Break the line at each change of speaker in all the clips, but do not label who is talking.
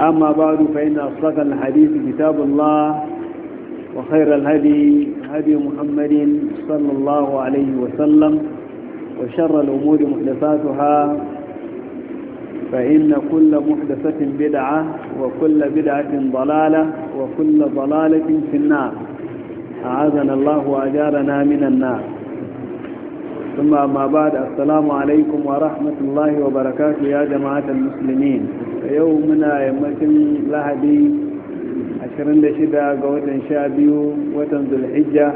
أما بعد فإن أصدق الحديث كتاب الله وخير الهدي هدي محمد صلى الله عليه وسلم وشر الأمور محدثاتها فإن كل محدثة بدعة وكل بدعة ضلالة وكل ضلالة في النار أعاذنا الله وأجارنا من النار ثم أما بعد السلام عليكم ورحمة الله وبركاته يا جماعة المسلمين يومنا يمكن لهدي عشرين لشدة قوة شابي وتنزل الحجة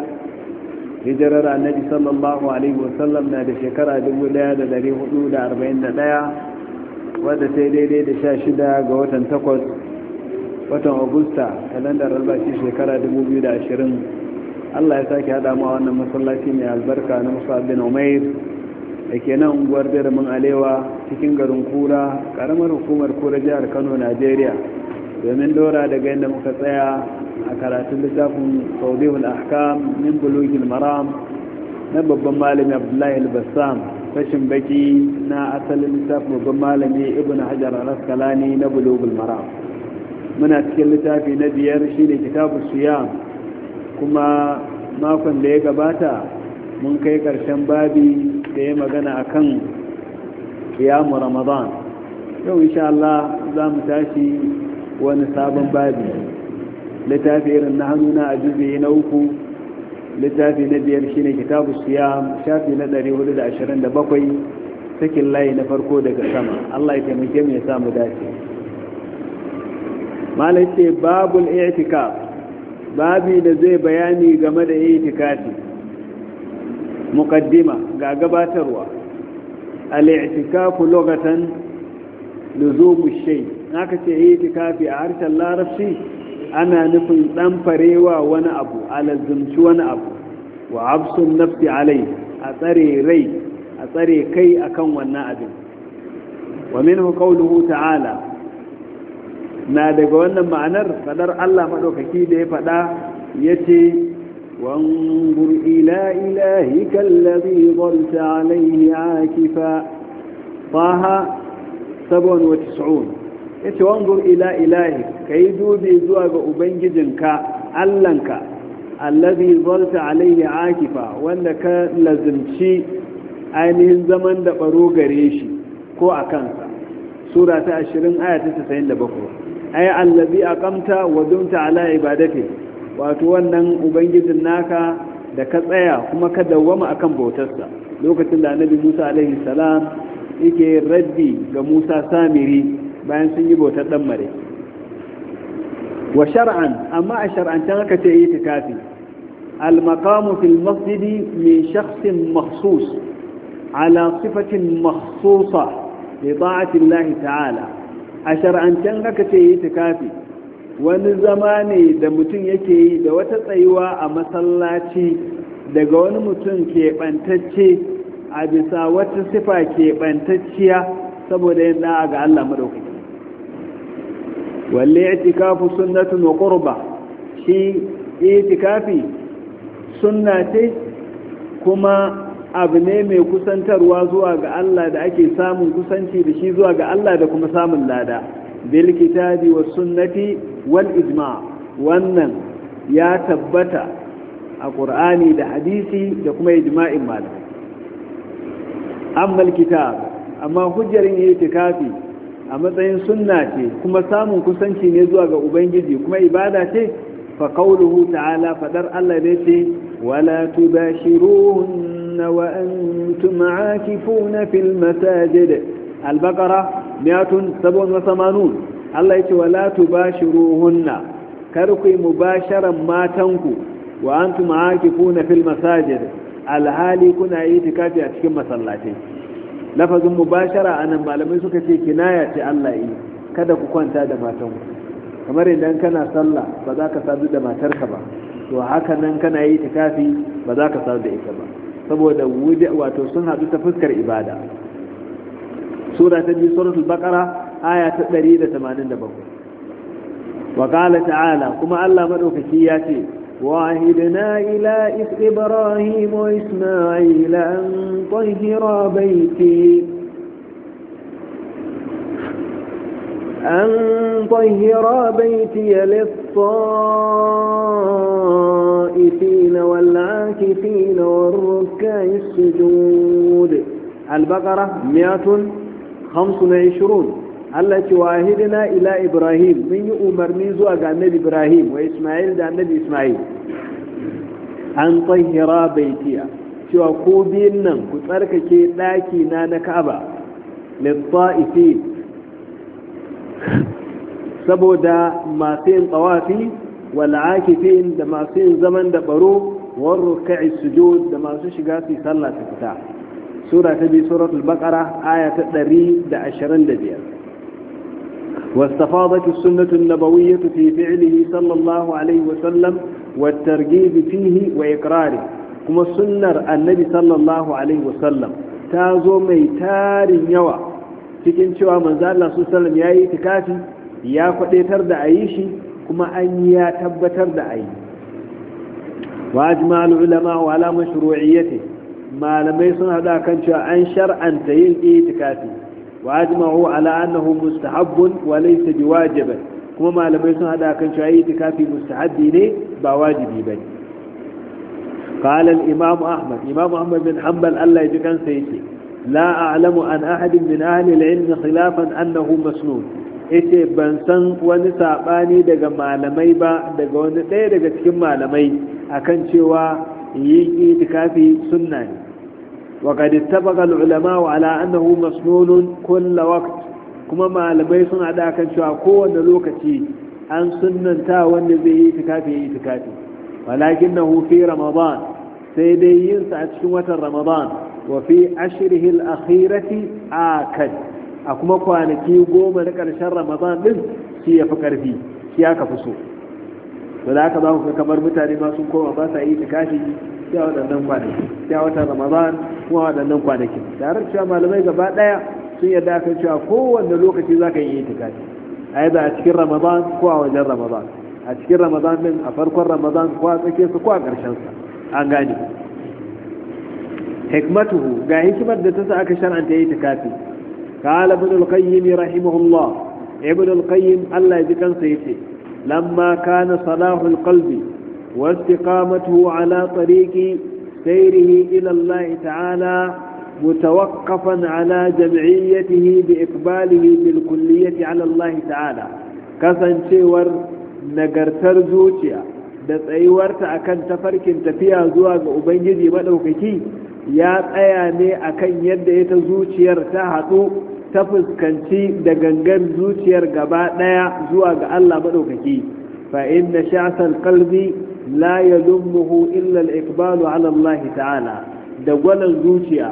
hijirar annabi sallallahu alaihi wasallam na da shekara 1441 wadda sai daidai da 16 ga watan 8 watan agusta kalandar albashi shekara 2020 Allah ya sake haɗa ma wannan masallaci mai albarka na Musa bin Umair da ke nan unguwar Birnin Alewa cikin garin Kura karamar hukumar Kura jihar Kano Najeriya domin dora daga inda muka tsaya a karatun littafin Tawdihul Ahkam min Bulughil Maram na babban malami Abdullahi Al-Bassam fashin baki na asalin littafin babban malami Ibn Hajar Al-Asqalani na Bulughul Maram muna cikin littafi na biyar shine Kitabus Siyam kuma makon da ya gabata mun kai ƙarshen babi da ya magana a kan kiyamu ramadan yau insha Allah za mu tashi wani sabon babi littafi irin na hannuna a juzi na uku littafi na biyar shine kitabu siya shafi na 427 sakin layi na farko daga sama Allah ya taimake mu ya samu dace malai babul i'tikaf babi da zai bayani game da itikafi Mukaddima. ga gabatarwa al-i'tikafu lughatan shai. shay haka ce itikafi a harshen larabci ana nufin dan farewa wani abu alazumci wani abu wa absun nafsi alai a tsare rai a tsare kai akan wannan abin wa minhu qawluhu ta'ala na daga wannan ma'anar fadar Allah madaukaki da ya fada yace wanzur ila ilahika alladhi dhalta alayhi akifa taha 97 yace wanzur ila ilahi kai dubi zuwa ga ubangijinka Allahnka alladhi dhalta alayhi akifa wanda ka lazimci ainihin zaman da baro gare shi ko a kansa sura ta 20 aya ta 97 ai allazi aqamta wa dumta ala ibadati wato wannan ubangijin naka da ka tsaya kuma ka dawwama akan bautarsa lokacin da annabi Musa alaihi salam yake raddi ga Musa Samiri bayan sun yi bautar dan mare wa shar'an amma a shar'an ta haka ce itikafi al-maqamu fil masjidi min shakhsin makhsus ala sifatin makhsusa li ta'ati Allah ta'ala a shar'ancen haka ce yi tikafi wani zama ne da mutum yake yi da wata tsayuwa a masallaci daga wani mutum keɓantacce a bisa wata sifa keɓantacciya saboda yin da'a ga Allah madaukaki walle itikafu sunnatun wa qurba shi itikafi sunna ce kuma abu ne mai kusantarwa zuwa ga Allah da ake samun kusanci da shi zuwa ga Allah da kuma samun lada bil kitabi wa sunnati wal ijma wannan ya tabbata a qur'ani da hadisi da kuma ijma'in malam amma kitab amma hujjarin itikafi a matsayin sunna ce kuma samun kusanci ne zuwa ga ubangiji kuma ibada ce fa qawluhu ta'ala fadar Allah ne ce wala tubashiruhun تبصرون وأنتم عاكفون في المساجد البقرة 187 الله يقول ولا تباشروهن كركي مباشرا ما تنكو وأنتم عاكفون في المساجد alhali kuna yi tikafi a cikin masallatai lafazin mubashara a nan malamai suka ce kinaya ce Allah yi kada ku kwanta da matanku kamar idan kana sallah ba za ka sadu da matarka ba to haka nan kana yi tikafi ba za ka sadu da ita ba saboda wuje wato sun hadu ta fuskar ibada sura ta biyu suratul baqara aya ta 187 wa qala ta'ala kuma Allah madaukaki ya ce وعهدنا إلى إبراهيم وإسماعيل أن طهر بيتي أن طهر بيتي للطهر الطائفين والعاكفين والركع السجود البقرة 125 التي واهدنا إلى إبراهيم من أمر نيزو النبي إبراهيم وإسماعيل دا النبي إسماعيل أن طهرا بيتيا شو أقوبين نم كتارك كي لاكي نانا كعبا للطائفين saboda masu yin tsawafi wal'akifin da masu yin zaman da baro warruka'i sujud da masu shiga su sallah ta fita sura ta bi suratul baqara aya ta 125 واستفاضت Sallallahu النبوية wa sallam wa الله عليه wa والترغيب kuma وإقراره annabi Sallallahu النبي wa sallam ta zo mai tarin yawa. cikin cewa manzo Allah sallallahu alaihi wasallam yayi tikafi ya kwadaitar da ayi shi kuma an ya tabbatar da a yi. ajma'ul ulama wa ala mashru'iyyati malamai sun hada kan cewa an shar'anta yin itikafi wa ajma'u ala annahu mustahabbun wa laysa biwajibin kuma malamai sun hada kan cewa itikafi mustahabbi ne ba wajibi bane قال الإمام أحمد إمام أحمد بن حنبل الله يجكن سيكي لا أعلم أن أحد من أهل العلم خلافا أنه مسنون yace ban san wani saɓani daga malamai ba daga wani ɗaya daga cikin malamai akan cewa yin itikafi sunna ne وقد اتفق العلماء على أنه مسنون كل وقت كما معلمي سنة ذاك شو أقوى لوكتي أن سنن تاوان لذي إتكافي إتكافي ولكنه في رمضان سيدي ينسى شوة رمضان وفي عشره الأخيرة آكد a kuma kwanaki goma na ƙarshen ramadan din shi ya fi ƙarfi shi aka fi so ba za ka za ku kamar mutane ma sun koma ba sa yi kashi ya waɗannan kwanaki ya wata ramadan kuma waɗannan kwanaki tare cewa malamai gaba ɗaya sun yarda aka cewa kowanne lokaci za ka yi kashi a yadda a cikin ramadan ko a wajen ramadan a cikin ramadan din a farkon ramadan ko a tsake su ko a ƙarshen sa an gane hikmatuhu ga hikimar da ta sa aka shar'anta yi kafi قال ابن القيم رحمه الله ابن القيم الله يذكر سيتي لما كان صلاح القلب واستقامته على طريق سيره إلى الله تعالى متوقفا على جمعيته بإقباله بالكلية على الله تعالى كسن شور نقرتر زوجيا da tsayuwarta akan tafarkin tafiya zuwa ga ubangiji maɗaukaki ya tsaya ne akan yadda ita zuciyar ta hatsu ta fuskanci da gangan zuciyar gaba ɗaya zuwa ga Allah maɗaukaki fa inna sha'sal qalbi la yadummuhu illa al-iqbalu ala Allah ta'ala da gwalan zuciya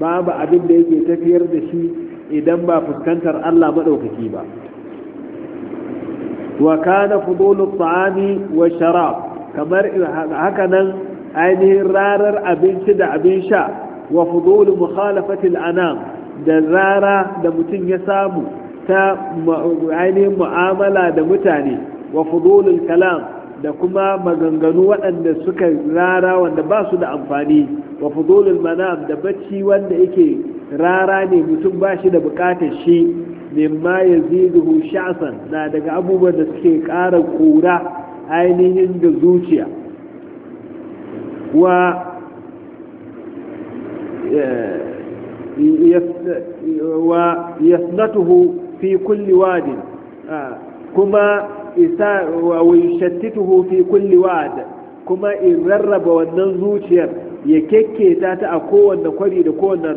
babu abin da yake tafiyar da shi idan ba fuskantar Allah maɗaukaki ba wa kana fudulu ta'ami wa sharab kamar haka nan ainihin rarar abinci da abin sha wa fudulu mukhalafati al-anam da rara da mutum ya samu ta ainihin mu'amala da mutane wa fudulul kalam da kuma maganganu waɗanda suka rara wanda ba su da amfani wa fudulul manam da bacci wanda yake rara ne mutum ba shi da bukatar shi mimma ya ziduhu na daga abubuwan da suke ƙara kura ainihin da zuciya wa eh, wa yasnatuhu fi kulli wadin ah, kuma isa wa fi kulli wad kuma in rarraba wannan zuciyar ya kekketa ta a kowanne kwari da kowanne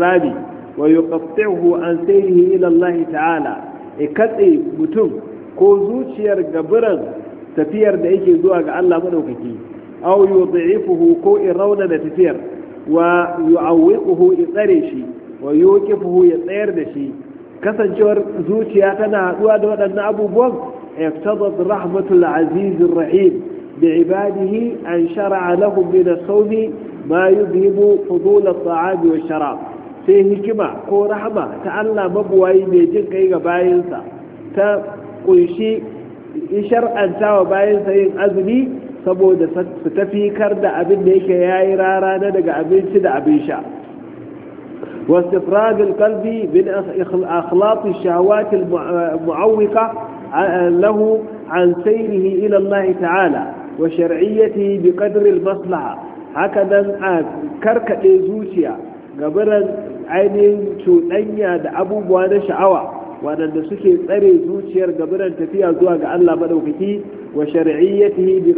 rami wa yuqattihu an sayrihi ila ta'ala e katse mutum ko zuciyar ga biran tafiyar da yake zuwa ga Allah madaukaki aw fuhu ko in rauna da tafiyar wa yu'awwiquhu ya tsare shi wa yuqifuhu ya tsayar da shi kasancewar zuciya tana haduwa da waɗannan abubuwan iqtadat rahmatul aziz rahim bi ibadihi an shar'a lahum min as-sawmi ma yudhibu fudul at-ta'am wa sharab sai hikima ko rahama ta Allah mabuwayi mai jin kai ga bayinsa ta kunshi shar'anta wa bayansa yin azumi saboda su ta fikar da abin da yake ya yi rara na daga abinci da abin sha wasu fragil kalbi bin akhlafi shawatil mu'awwika lahu an sayrihi ila ta'ala wa shar'iyyati bi qadri maslaha haka dan karkade zuciya gabaran ainihin cuɗanya da abubuwa na sha'awa waɗanda suke tsare zuciyar gabaran tafiya zuwa ga Allah madaukaki wa shar'iyyatihi bi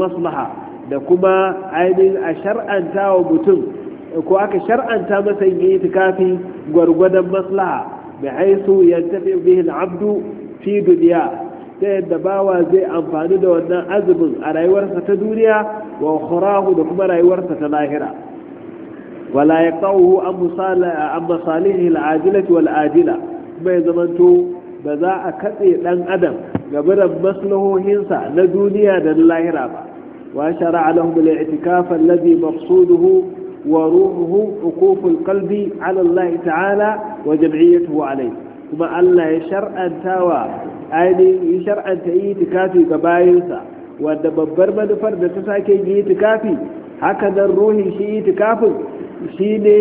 maslaha da kuma ainihin a shar'anta wa mutum ko aka shar'anta masa yin itikafi gwargwadon maslaha bi haisu yantafi bihi al-abdu fi ta yadda bawa zai amfani da wannan azumin a rayuwarsa ta duniya wa ukhrahu da kuma rayuwarsa ta lahira wala yaqahu an masalihi al-ajilati wal-ajila bai zamanto ba za a katse dan adam gabaran maslahohinsa na duniya da lahira ba wa shara'a lahum al-i'tikaf alladhi maqsuduhu wa ruhuhu uquful qalbi ala Allah ta'ala wa jam'iyyatuhu alayhi kuma Allah ya shar'anta ainihin ya shar'anta itikafi ga bayinsa wanda babbar manufar da ta sake yi itikafi haka nan ruhin shi itikafin shine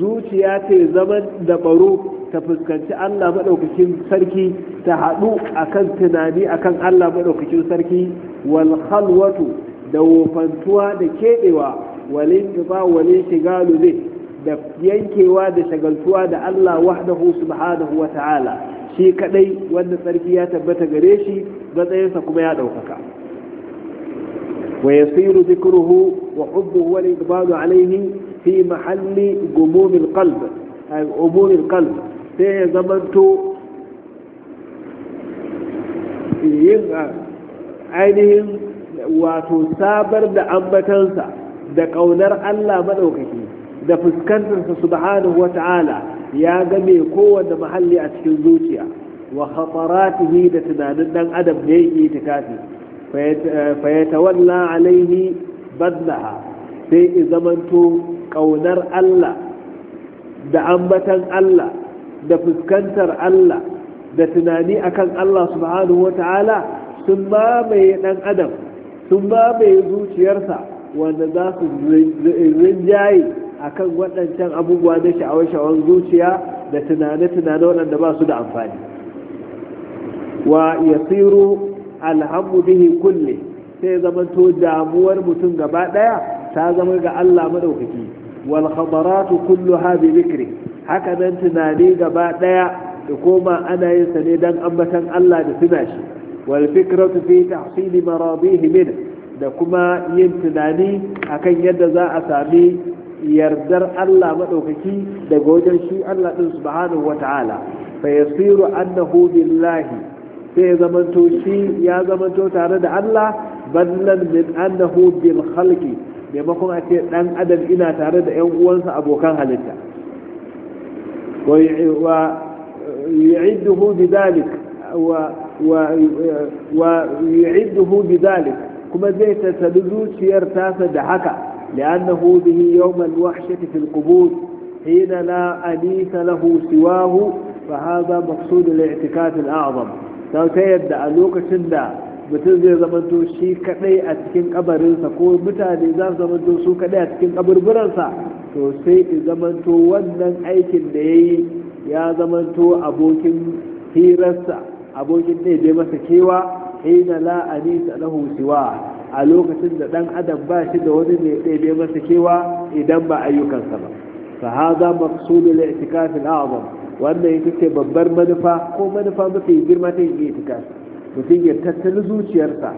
zuciya ta zama da baro ta fuskanci Allah maɗaukakin sarki ta haɗu akan tunani akan Allah maɗaukakin sarki wal khalwatu da wofantuwa da keɓewa walin ba walin shiga ne da yankewa da shagaltuwa da Allah wahdahu subhanahu wa ta'ala shi kadai wanda sarki ya tabbata gare shi matsayinsa kuma ya ɗaukaka wa yasiru zikruhu wa hubbuhu wal iqbalu alayhi fi mahalli gumumil qalb umumil qalb sai ya zamanto yin ainihin wato sabar da ambatansa da ƙaunar Allah maɗaukaki da fuskantarsa subhanahu wa ta'ala ya game kowanne mahalli a cikin zuciya wa khataratihi da tunanin dan adam da yake tikafi fa yatawalla alaihi badlaha sai zamanto kaunar Allah da ambatan Allah da fuskantar Allah da tunani akan Allah subhanahu wata'ala sun mamaye dan adam sun mamaye zuciyarsa wanda za su rinjaye akan waɗancan abubuwa na sha'awar zuciya da tunane-tunane waɗanda ba su da amfani wa yasiru alhamu bihi kulle sai zamanto damuwar mutum gaba ɗaya ta zama ga Allah madaukaki wal khabaratu kulluha bi dhikri haka nan tunani gaba daya da koma ana yin sa ne dan ambatan Allah da tuna shi wal fikratu fi tahsili maradihi min da kuma yin tunani akan yadda za a sami yardar Allah madaukaki daga wajen shi Allah din subhanahu wata'ala fa yasiru annahu billahi sai zamanto shi ya zamanto tare da Allah ballan min annahu bil khalqi maimakon a ce dan adam ina tare da yan uwansa abokan halitta ويعده بذلك ويعده بذلك كما زيت تتلذو في تاسا دحكا لأنه به يوم الوحشة في القبور حين لا أنيس له سواه فهذا مقصود الاعتكاف الأعظم سوف يبدأ ألوك شندا mutum zai zamanto shi kadai a cikin kabarinsa ko mutane za su zamanto su kadai a cikin kaburburansa to sai ya zamanto wannan aikin da ya yi ya zamanto abokin hirarsa abokin ɗaiɗe masa kewa hina la anisa lahu siwa a lokacin da dan adam ba shi da wani mai ɗaiɗe masa kewa idan ba ayyukansa ba fa hadha maqsud al-i'tikaf al-a'zam wannan ita ce babbar manufa ko manufa mafi girma ta yin itikafi mutum ya tattali zuciyarsa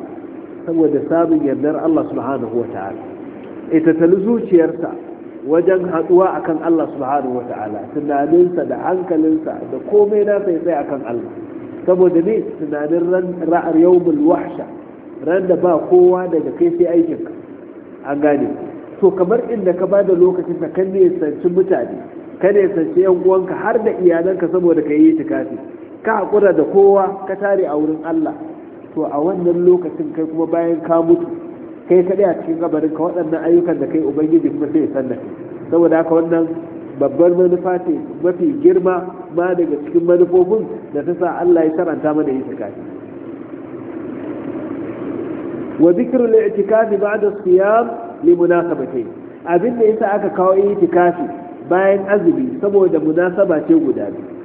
saboda samun yardar Allah subhanahu ya tattali zuciyarsa wajen haɗuwa akan Allah subhanahu wata'ala tunaninsa da hankalinsa da komai na sai akan Allah saboda ne tunanin ra'ar yawmul wahsha ran da ba kowa daga kai sai aikinka an gane to kamar inda ka ba da lokacin ka kan ne sanci mutane ka ne sanci yan uwanka har da iyalanka saboda ka yi tikafi ka haƙura da kowa ka tare a wurin Allah to a wannan lokacin kai kuma bayan ka mutu kai kaɗai a cikin kabarin ka waɗannan ayyukan da kai ubangiji kuma sai san da saboda haka wannan babbar manufa ce mafi girma ma daga cikin manufofin da ta sa Allah ya taranta mana yin itikafi wa zikrul i'tikafi ba'da siyam li munasabati abin da yasa aka kawo itikafi bayan azumi saboda munasaba ce guda biyu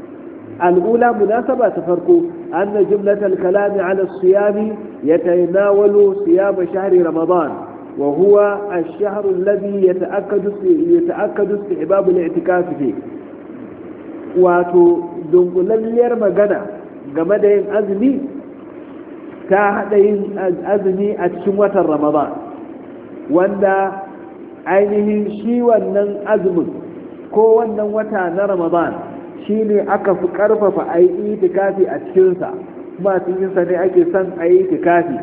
الأولى مناسبة تفرقوا أن جملة الكلام على الصيام يتناول صيام شهر رمضان وهو الشهر الذي يتأكد يتأكد استحباب الاعتكاف فيه wato dunkulalliyar magana game da yin azumi ta haɗa yin azumi a cikin watan ramadan wanda ainihin shi wannan azumin wata na ramadan Shi ne aka fi karfafa a yi itikafi a cikinsa kuma cikinsa ne ake son a yi itikafi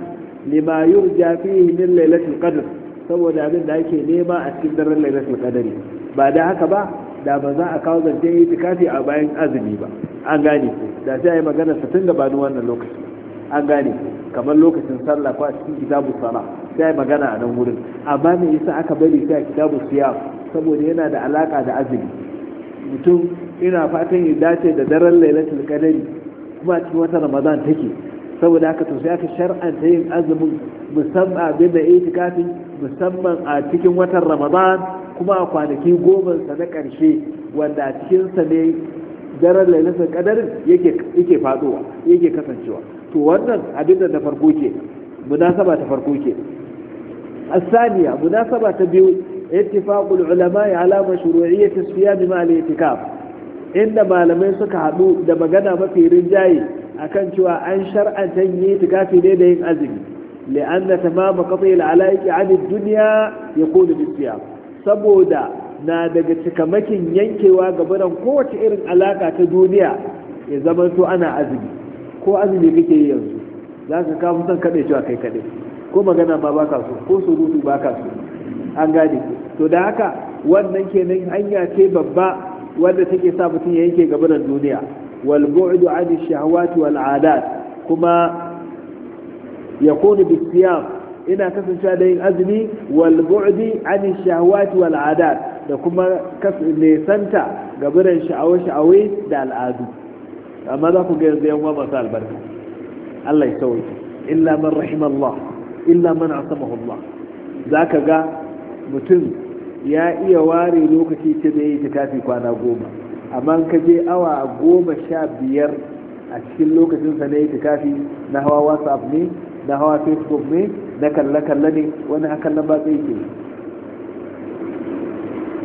lima yurja fihi min lailatul qadr saboda abin da ake nema a cikin daren lailatul qadri ba da haka ba da ba za a kawo zance itikafi a bayan azumi ba an gane da sai a yi magana satin da bani wannan lokaci an gane kamar lokacin sallah ko a cikin kitabu sala sai magana a nan wurin amma me yasa aka bari sai a kitabu siyam saboda yana da alaka da azumi mutum ina fatan ya dace da daren lailatul qadari kuma a cikin watan ramadan take saboda haka to sai aka shar'anta yin azumin musamman abin da itikafi musamman a cikin watan ramadan kuma a kwanaki goma sa na karshe wanda a cikin sa ne daren lailatul qadarin yake yake faduwa yake kasancewa to wannan abin da farko ke munasaba ta farko ke munasaba ta biyu. اتفاق العلماء على مشروعية siyam مع al إن inda malamai suka haɗu da magana mafi rinjaye akan cewa an أن yin itikafi ne da yin azumi li'anna tamama qati al-ala'iqi 'an ad-dunya yaqulu saboda na daga cikamakin yankewa gabaran kowace irin alaka ta duniya ya zama to ana azumi ko azumi kake yi yanzu za ka kawo son kaɗai cewa kai kaɗai ko magana ma ba ka so ko surutu ba ka so an gane to da haka wannan kenan hanya ce babba wanda take sa mutum ya yanke gabanin duniya wal bu'du an shahawati wal adat kuma yakunu bisiyam ina kasancewa da yin azumi wal bu'di an shahawati wal adat da kuma nesanta gabanin sha'awe-sha'awe da al'adu amma za ku ga yanzu yan masu albarka Allah ya sauke illa man allah illa man asamahu Allah zaka ga mutum ya iya ware lokaci ce da ya yi tafi kwana goma amma ka je awa goma sha biyar a cikin lokacinsa na yi tafi na hawa whatsapp ne na hawa facebook ne na kalle-kalle ne wani hakan nan ba tsaye ke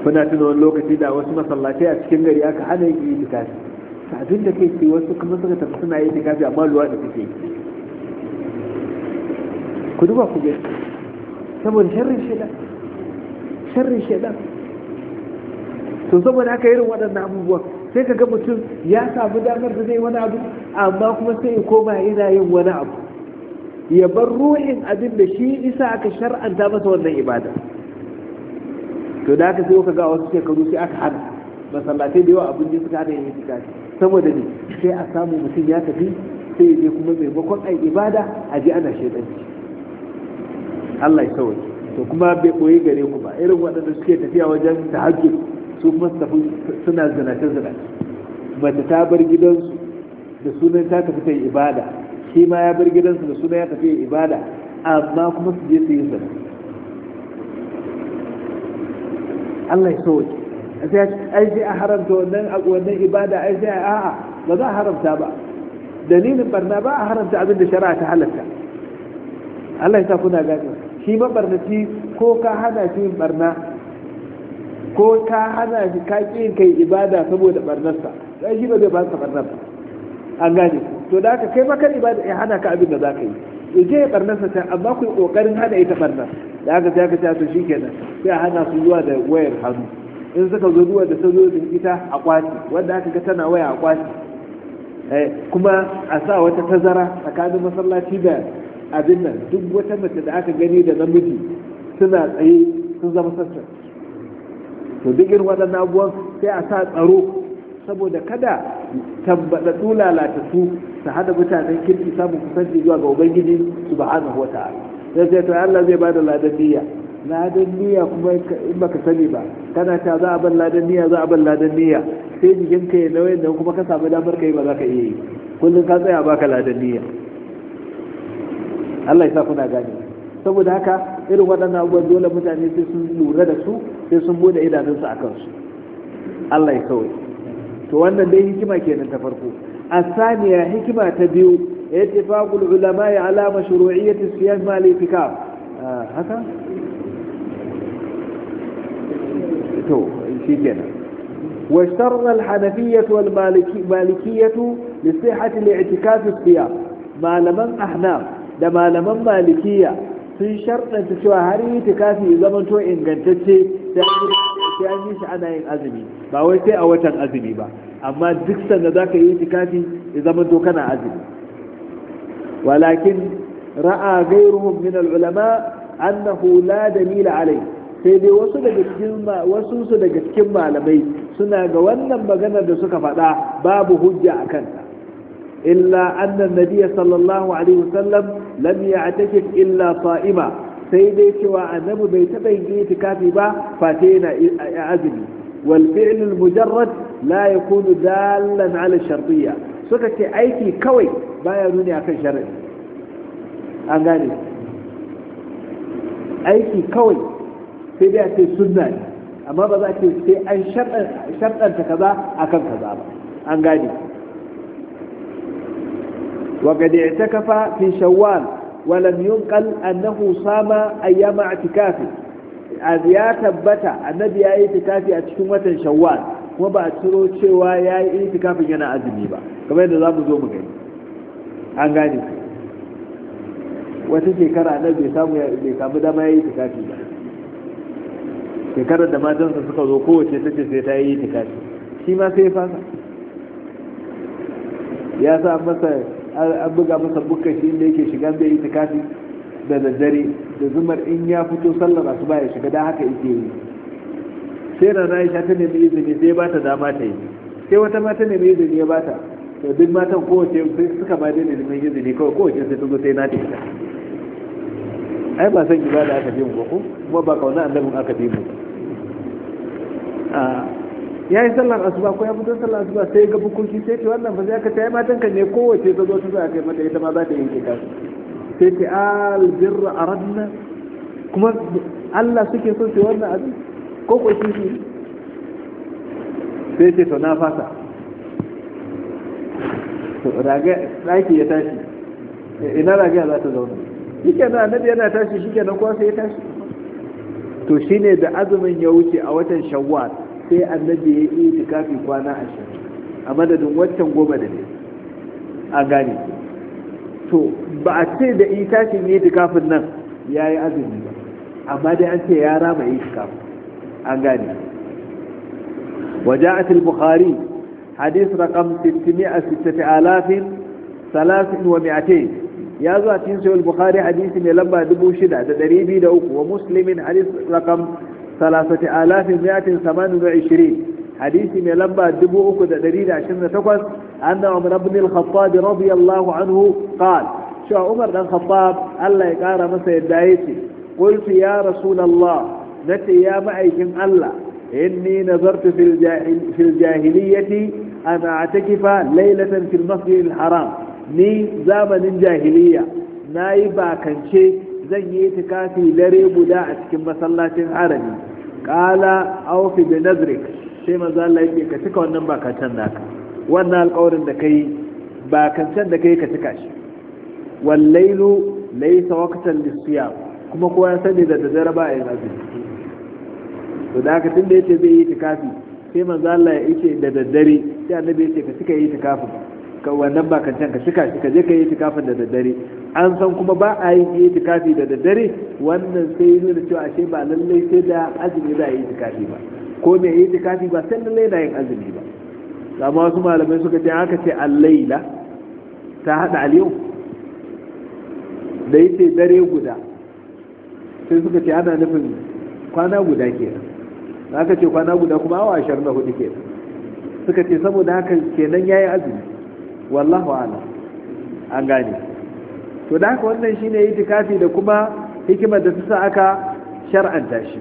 kuna tuna wani lokaci da wasu masallatai a cikin gari aka hana yi yi tafi abin da kai ce wasu kuma suka tafi suna yi tafi amma luwa da suke ku duba ku ga saboda sharrin shida sharrin shaidan to saboda haka irin waɗannan abubuwan sai ka ga mutum ya samu damar da zai wani abu amma kuma sai ya koma yana yin wani abu ya bar ruhin abin da shi isa aka shar'anta masa wannan ibada to da aka sai ka ga wasu shekaru sai aka hana masallatai da yawa abin da suka hana yin itikafi saboda ne sai a samu mutum ya tafi sai ya je kuma maimakon ai ibada a ji ana shaidanci Allah ya sauke to kuma bai koyi gare ku ba irin waɗanda suke tafiya wajen tahajjud su kuma tafi suna zinace zinace mace ta bar gidansu da sunan ta tafi ta yi ibada shi ma ya bar gidansu da sunan ya tafi yi ibada amma kuma su je su yi zina Allah ya so sai ai sai a haramta wannan wannan ibada ai sai a'a ba za a haramta ba dalilin barna ba a haramta abin da shari'a ta halatta Allah ya sa kuna gani shi mabarnaci ko ka hana shi barna ko ka hana shi ka ƙi kai ibada saboda barnarsa sai shi ba zai ba barnar an gane to da haka kai makar ibada ya hana ka abin da za ka yi ije ya barnarsa ta amma ku kokarin hana ita barnar da haka sai ka to shikenan sai a hana su zuwa da wayar hannu in suka zo zuwa da sojojin ita a kwaci wanda aka ga tana waya a kwaci eh, kuma a sa wata tazara tsakanin masallaci da abin nan duk wata mace da aka gani da namiji suna tsaye sun zama sassan to duk irin waɗannan abubuwan sai a sa tsaro saboda kada tambaɗaɗɗu lalatattu su hada mutanen kirki samun kusanci zuwa ga ubangiji ba wa ta'ala sai sai to Allah zai bada ladan niyya ladan niyya kuma in baka sani ba kana ta za a ban ladan niyya za a ban ladan niyya sai jikinka ya nauyin da kuma ka samu damar ka yi ba za ka iya yi kullum ka tsaya baka ladan niyya Allah ya sa kuna gane saboda haka irin waɗannan abubuwan dole mutane sai sun lura da su sai sun bude idanunsu a kansu Allah ya kawai to wannan dai hikima kenan ta farko a asaniya hikima ta biyu ittifaqul ulama ya ala mashru'iyyati siyam ma al-itikaf ah, haka to shi kenan واشترط الحنفية والمالكية لصحة الاعتكاف الصيام ما لمن أحناف da malaman malikiya sun sharɗanta cewa har yi tikafi ya zama to ingantacce sai an yi shi ana yin azumi ba wai sai a watan azumi ba amma duk sanda za ka yi tikafi ya zama to kana azumi walakin ra'a gairuhum min al-ulama annahu la dalila alai sai dai wasu daga cikin malamai suna ga wannan maganar da suka faɗa babu hujja a kanta إلا أن النبي صلى الله عليه وسلم لم يعتكف إلا صائما سيدي شوى أنه بيتبين إيتكافي با فاتينا أعزمي والفعل المجرد لا يكون دالا على الشرطية سكت أيكي كوي با ينوني أكن شرط أنغاني أيكي كوي سيدي أتي سنة أما بذلك سيدي أن شرطا كذا أكن كذا أنغاني وقد اعتكف في شوال ولم ينقل أنه صام أيام اعتكافه أذ يا تبتا النبي يا اعتكافي أتشمة شوال وما أتشروا تشوا يا اعتكافي جنا أزميبا كما ينظام زوم غير أنغاني gane wata shekara nan bai samu bai samu dama ya tikafi ba shekarar da matan matansa suka zo kowace ta ce sai ta yi tikafi shi ma sai fasa ya sa masa an buga masa bukka shi inda yake shiga yi itikafi da daddare da zumar in ya fito sallar asuba ya shiga da haka yake yi sai da na isha ta nemi izini sai ba ta dama ta yi sai wata mata nemi izini ya bata to duk matan kowace suka ba da neman izini kawai kowace sai ta sai na ta ai ba san da aka bi mu ba ko kuma ba kauna annabin aka bi mu ya yi sallar asuba ko ya fito sallar asuba sai ga bukunki sai ce wannan ba zai ka tayi matan ka ne kowace ta zo ta za kai mata ita ma za ta yanke ta sai ce birra aradna kuma Allah suke so su wannan abin ko ko shi shi sai ce to na fasa raga daki ya tashi ina raga za ta zauna shikenan annabi yana tashi shikenan kowa sai ya tashi to shine da azumin ya wuce a watan shawwal sai annabi ya yi itikafi kwana ashirin a madadin waccan goma da ne a gane to ba a ce da itashin itikafin nan ya yi azumi ba amma dai an ce ya rama yi itikafin an gane وجاءت البخاري حديث رقم hadisi يا lamba dubu البخاري حديث لما دبو شدة دريبي دوك ومسلم حديث رقم salasati alafin miyatin samanin da ishirin hadisi mai lamba dubu uku da ɗari da ashirin da takwas an na umar abin al-khattab radiyallahu anhu qal cewa umar dan khattab Allah ya kara masa yadda ya ce qultu ya na ce ya ma'aikin Allah inni nazartu fil jahiliyyati أن أعتكف ليلة في المسجد الحرام ني زمن جاهلية نايبا كنشي zan yi itikafi dare guda a cikin masallacin harami qala aufi da nadrik sai manzo Allah yake ka cika wannan can naka wannan alƙawarin da kai can da kai ka cika shi wal laylu laysa waqtan lis-siyam kuma ko ya sani da daddare ba a yi azumi to da ka tunda yace zai yi itikafi sai manzo Allah ya yake da daddare sai annabi yace ka cika yi itikafin wannan bakancan ka shika shi ka je ka yi itikafin da daddare an san kuma ba a yin itikafi da daddare wannan sai yi nuna cewa ashe ba lallai sai da azumi za a yi itikafi ba ko me yi itikafi ba sai lallai na yin azumi ba amma wasu malamai suka ce haka ce allaila ta hada aliyu da yace dare guda sai suka ce ana nufin kwana guda kenan aka ce kwana guda kuma awa 24 kenan suka ce saboda haka kenan yayi azumi wallahu ala an gani to haka wannan shine itikafi da kuma hikimar da sa aka shar'anta shi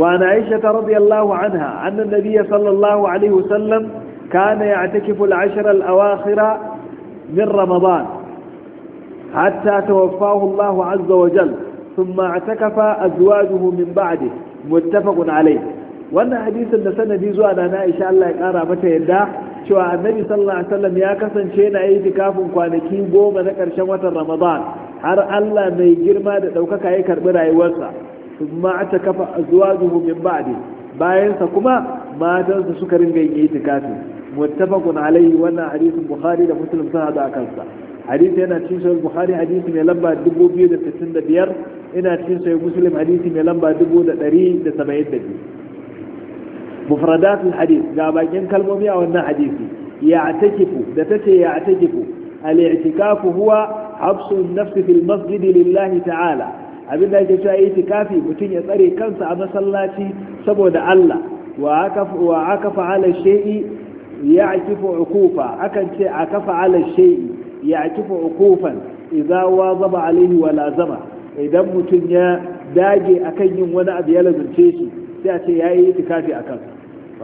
wa ana aisha ta radiyallahu anha annan nabiyya sallallahu alaihi wasallam kana ya'takifu al-ashr al-awakhir min ramadan hatta ta Allah azza wa jalla thumma atakafa azwajuhu min ba'di muttafaqun alayh wannan hadisin da sanadi zuwa da na insha Allah ya kara mata yadda cewa annabi sallallahu alaihi wasallam ya kasance na yi kafin kwanaki goma na ƙarshen watan ramadan har allah mai girma da ɗaukaka ya karɓi rayuwarsa kuma ata kafa zuwa azwajuhu min ba'di bayansa kuma matansa suka ringa yin itikafi muttafaqun alaihi wannan hadisin bukhari da muslim sun hada kansa hadisi yana cikin sahih bukhari hadisi mai lamba 2065 ina cikin sahih muslim hadisi mai lamba 2172 mufradatul hadith ga bakin kalmomi a wannan hadisi ya takifu da tace ya takifu al-i'tikafu huwa habsu nafsi fil lillahi ta'ala abin da yake cewa itikafi mutum ya tsare kansa a masallaci saboda Allah wa aka wa aka fa'ala shay'i ya'kifu uqufa akan ce aka fa'ala shay'i ya'kifu uqufan idza wazaba alayhi wa lazama idan mutum ya dage akan yin wani abu ya lazunce shi sai a ce yayi itikafi akan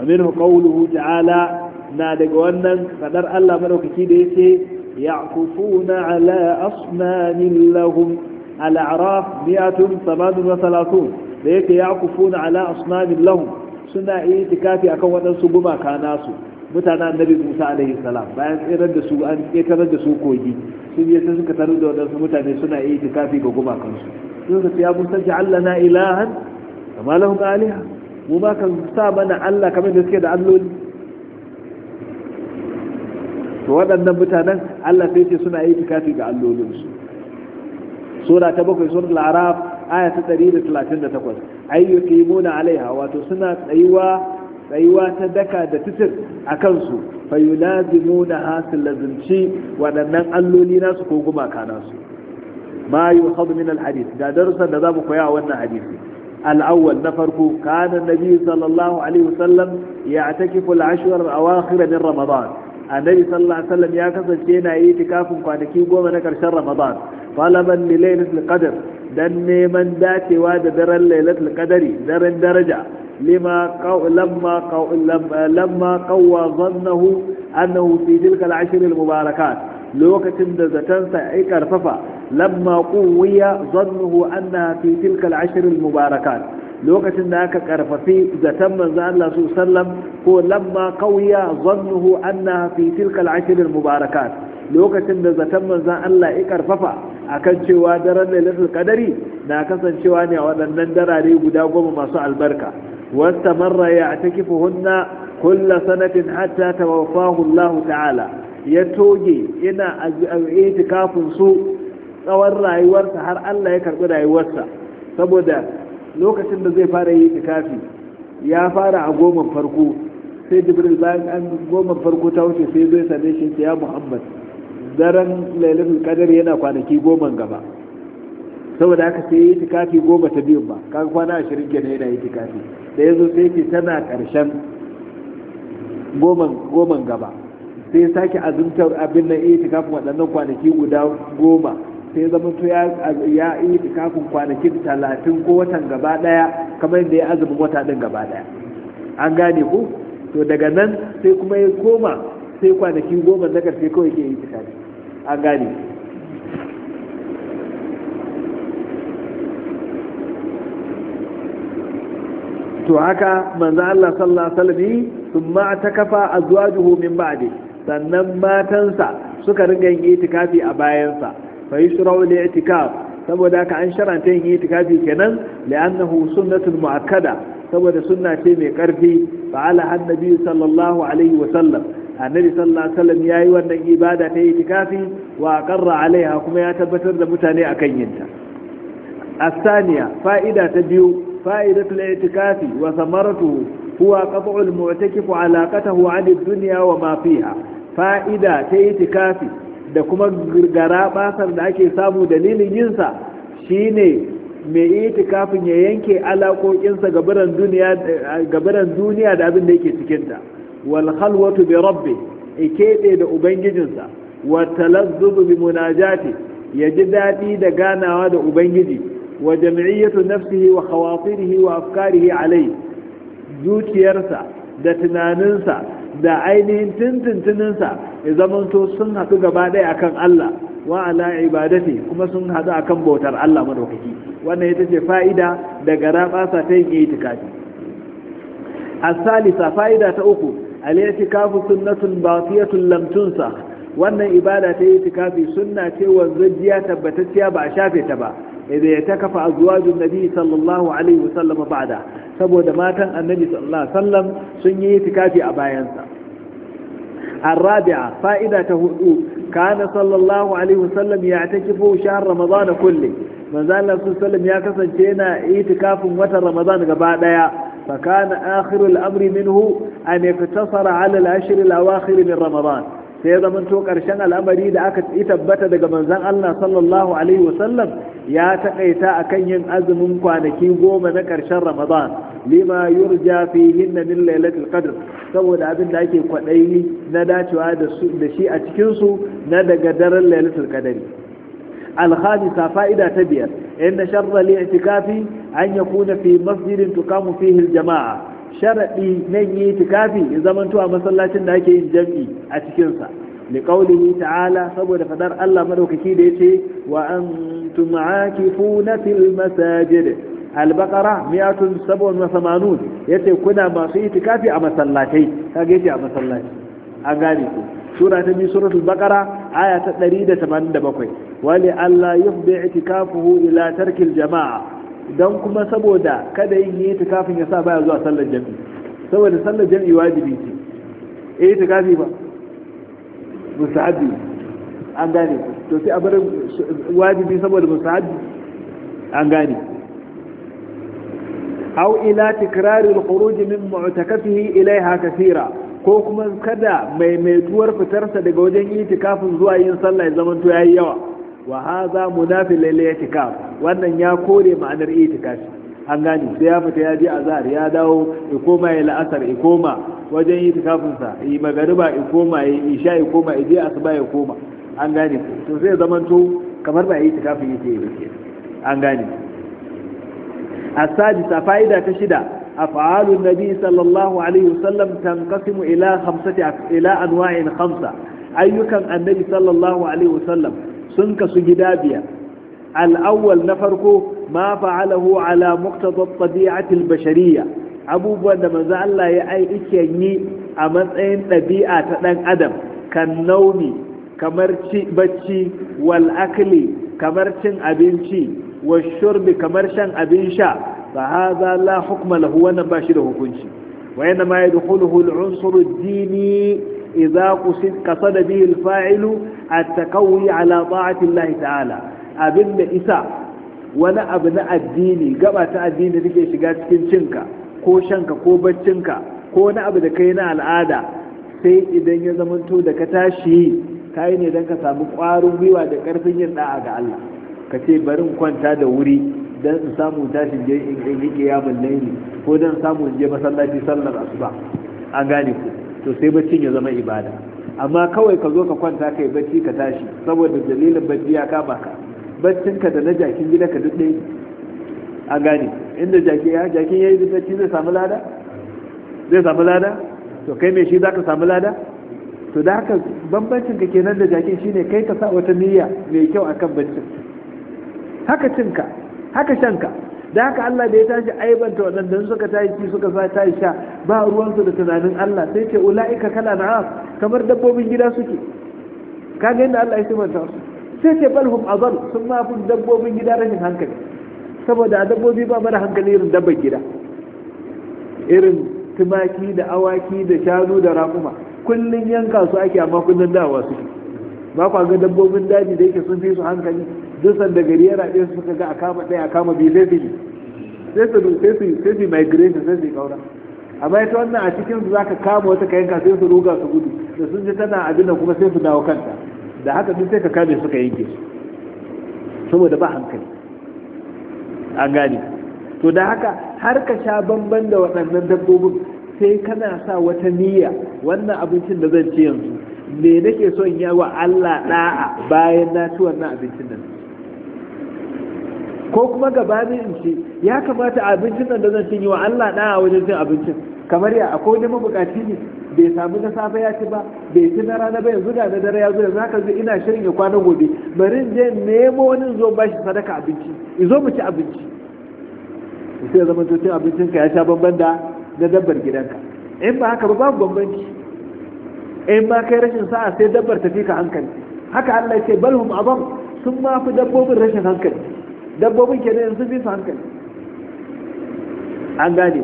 wa minhu qawluhu ta'ala na daga wannan fadar Allah maɗaukaci da yake ya'kufuna ala asnanin lahum al-a'raf 138 da yake ya'kufuna ala asnanin lahum suna itikafi akan waɗansu gumaka nasu mutanen annabi Musa alaihi salam bayan tsirar da su an kogi sun yi sai suka tarar da waɗansu mutane suna itikafi ga gumakansu sai suka ce ya musa ja'alna ilahan kama lahum aliha mu ba ka sa mana Allah kamar da suke da alloli to waɗannan mutanen Allah sai ce suna yi tikafi ga allolinsu sura ta bakwai suratul araf aya ta 138 ayyukimuna alaiha wato suna tsayuwa tsayuwa ta daka da titir a kansu fayulazimuna hasil lazimci waɗannan alloli nasu ko gumaka nasu ma yuhadu min alhadith da darussan da zamu mu koya wannan hadisi al’awwal na farko kanan nabi'u nabi ya a taki fulashuwar a wakilanin ramadan annabi sallallahu alaihi ya kasance na yi tikafin kwanaki goma na karshen ramadan falaban lilain al-qadr dan neman dacewa da daren lailat al-qadari daren daraja lima lamma lamma qawwa zannahu annahu fi tilka al-ashr al lokacin da zatansa ya karfafa lamma quwiya zannuhu annaha fi tilka al-ashr lokacin da aka karfafi zaton manzo Allah su ko lamma qawiya zannuhu annaha fi tilka al-ashr lokacin da zaton manzo Allah ya karfafa akan cewa daren lailatul qadari na kasancewa ne a waɗannan darare guda goma masu albarka واستمر يعتكفهن كل سنة حتى توفاه الله تعالى يتوجي إنا اعتكاف su. tsawon rayuwarsa har Allah ya karɓi rayuwarsa saboda lokacin da zai fara yi itikafi ya fara a goma farko sai jibril bayan an goma farko ta wuce sai zai same shi ya muhammad daren lailatul qadar yana kwanaki goma gaba saboda haka sai yi itikafi goma ta biyun ba kaga kwana ashirin kenan yana itikafi da yazo sai ke tana karshen goman gaba sai sake azumtar abin nan iya tikafin waɗannan kwanaki guda goma sai zama to ya yi tikafin kwanakin talatin ko watan gaba daya kamar da ya azumin wata din gaba daya an gane ku to daga nan sai kuma ya koma sai kwanaki goma na karshe kawai ke yi tikafi an gane to haka manzo Allah sallallahu alaihi wasallam thumma takafa azwajuhu min ba'di sannan matansa suka ringa yin itikafi a bayansa fa yushra'u li i'tikaf saboda haka an sharanta yin itikafi kenan li'annahu sunnatul mu'akkada saboda sunna ce mai karfi fa'ala annabi sallallahu alaihi wa sallam annabi sallallahu alaihi wa sallam yayi wannan ibada ta itikafi wa aqarra alaiha kuma ya tabbatar da mutane akan yinta الثانية فائدة تبيو فائدة الاعتكاف وثمرته هو قطع المعتكف علاقته wa الدنيا وما Fa'ida ta itikafi. da kuma gara basar da ake samu dalilin yinsa ne mai kafin ya yanke alaƙoƙinsa gabaran duniya da abin da yake cikinta wal khalwatu bi rabbi ikede da ubangijinsa wa bi munajati ya ji daɗi da ganawa da ubangiji wa jam'iyyatu nafsihi wa khawatirihi wa afkarihi alai zuciyarsa da tunaninsa da ainihin tintintininsa ya zamanto sun haɗu gaba ɗaya akan Allah wa ala ibadati kuma sun haɗu akan bautar Allah madaukaki wannan ita ce fa'ida daga rabasa ta yin itikafi as-salisa fa'ida ta uku al kafu sunnatun batiyatun lam tunsakh wannan ibada ta itikafi sunna ce jiya tabbatacciya ba a shafe ta ba إذا يتكف أزواج النبي صلى الله عليه وسلم بعده سبو دماتا النبي صلى الله عليه وسلم سنية تكافي أبايانسا الرابعة فائدة هدوء كان صلى الله عليه وسلم يعتكف شهر رمضان كله من ذا الله صلى الله عليه وسلم يكسن شينا إتكاف وتر رمضان قبعدها فكان آخر الأمر منه أن يقتصر على العشر الأواخر من رمضان sai ya zamanto ƙarshen al'amari da aka yi tabbata daga manzan Allah sallallahu alaihi wasallam ya taƙaita a kan yin azumin kwanaki goma na ƙarshen Ramadan lima yurja fihin min lailatul qadr saboda abin da ake kwaɗayi na dacewa da shi a cikin su na daga daren lailatul fa'ida ta biyar, تبير إن شر الاعتكاف an يكون masjidin مسجد تقام فيه jama'a. sharaɗi na yi tikafi ya zamanto a masallacin da ake yin jam'i a cikinsa liƙaunihi ta'ala saboda fadar Allah madaukaki da yace wa antum aakifuna fil masajid al miyatun 187 yace ya ce kuna masu itikafi a masallatai kage yace a masallaci a gane ku sura ta bi suratul baqara aya ta 187 wali alla yufdi itikafuhu ila tarkil jama'a don kuma saboda kada yin yi kafin ya sa baya zuwa sallar jami'i saboda sallar jami'i wajibi ce ta eh, itikafi ba musahabi an gane to sai a bar wajibi saboda musahabi an gane au ila tikrari al-khuruj min mu'takafihi ilaiha kathira ko kuma kada maimaituwar fitarsa daga wajen itikafin zuwa yin sallah ya to yayi yawa wa haza munafi lalle ya tika wannan ya kore ma'anar itikafi an gani sai ya fita ya je azhar ya dawo ya koma ya la'asar ya koma wajen itikafin sa yi magariba ya koma ya isha ya koma ya je asuba ya koma an gani to sai zamanto kamar ba itikafin yake yi an gani السادسة فائدة تشدة أفعال النبي صلى الله عليه وسلم تنقسم إلى خمسة إلى أنواع خمسة أيكم النبي صلى الله عليه وسلم sun kasu gida biyar al'awwal na farko ma fa'alahu ala muqtadab tabi'atil bashariyya abubuwan da manzo Allah ya yake yi a matsayin ɗabi'a ta ɗan adam kan nauni kamar ci bacci wal akli kamar cin abinci wal shurbi kamar shan abin sha fa hadha la hukma lahu wannan ba shi da hukunci wa yana ma yadkhuluhu al unsur ad-dini idza qusid qasada bihi al-fa'ilu at-taqawi ala ta'ati Allah ta'ala abin isa wani abu na addini gaba ta addini take shiga cikin cinka ko shanka ko baccinka ko wani abu da kai na al'ada sai idan ya zamanto da ka tashi yi, kai ne don ka samu ƙwarin gwiwa da ƙarfin yin da'a ga Allah ka ce bari kwanta da wuri dan in samu tashi je in yi ya laili ko dan samu je masallaci sallar asuba an gane ku to sai baccin ya zama ibada amma kawai ka zo ka kwanta kai bacci ka tashi saboda dalilin bacci ya kama ka baccin ka da na jakin gida ka duk ɗaya a gane inda jakin ya jakin ya yi bacci zai samu lada zai samu lada to kai mai shi za ka samu lada to da haka bambancin ka kenan da jakin shine kai ka sa wata niyya mai kyau akan baccin haka cinka haka shanka da haka Allah da ya tashi aibanta waɗanda suka tashi ci suka sa tashi sha ba ruwansu da tunanin Allah sai ce ula'ika kala as kamar dabbobin gida suke kaga yadda Allah ya sifanta su sai ce hum azal sun ma fi dabbobin gida rashin hankali saboda a dabbobi ba mara hankali irin dabban gida irin tumaki da awaki da shanu da raƙuma kullum yanka su ake amma kullum dawa suke ba kwa ga dabbobin daji da yake sun fi su hankali duk sanda gari yana ɗaya su suka ga a kama ɗaya a kama biyu zai fi sai su sai su sai su migration sai su yi kaura amma ita wannan a cikin su zaka kama wata ka yanka sai su ruga su gudu da sun ji tana abin da kuma sai su dawo kanta da haka duk sai ka kame suka yanke su saboda ba hankali an gane to da haka har ka sha bamban da waɗannan dabbobin sai kana sa wata niyya wannan abincin da zan ci yanzu me nake son yawa Allah da'a bayan na ci wannan abincin nan ko kuma gabanin in ce ya kamata abincin nan da zan cin wa Allah da wajen cin abincin kamar ya akwai wani mabukaci ne bai samu na safe ya ci ba bai ci na rana ba yanzu ga na dare ya zo yanzu haka zai ina shirin ya kwana gobe bari in je nemo wani zo ba shi sadaka abinci in zo mu ci abinci sai zama to cin abincin ka ya sha bamban da na dabbar gidanka in ba haka ba babu bambanci in ba kai rashin sa'a sai dabbar tafi ka hankali haka Allah ya ce balhum azam sun ma fi dabbobin rashin hankali dabbobin ke da yanzu fi su hankali an gane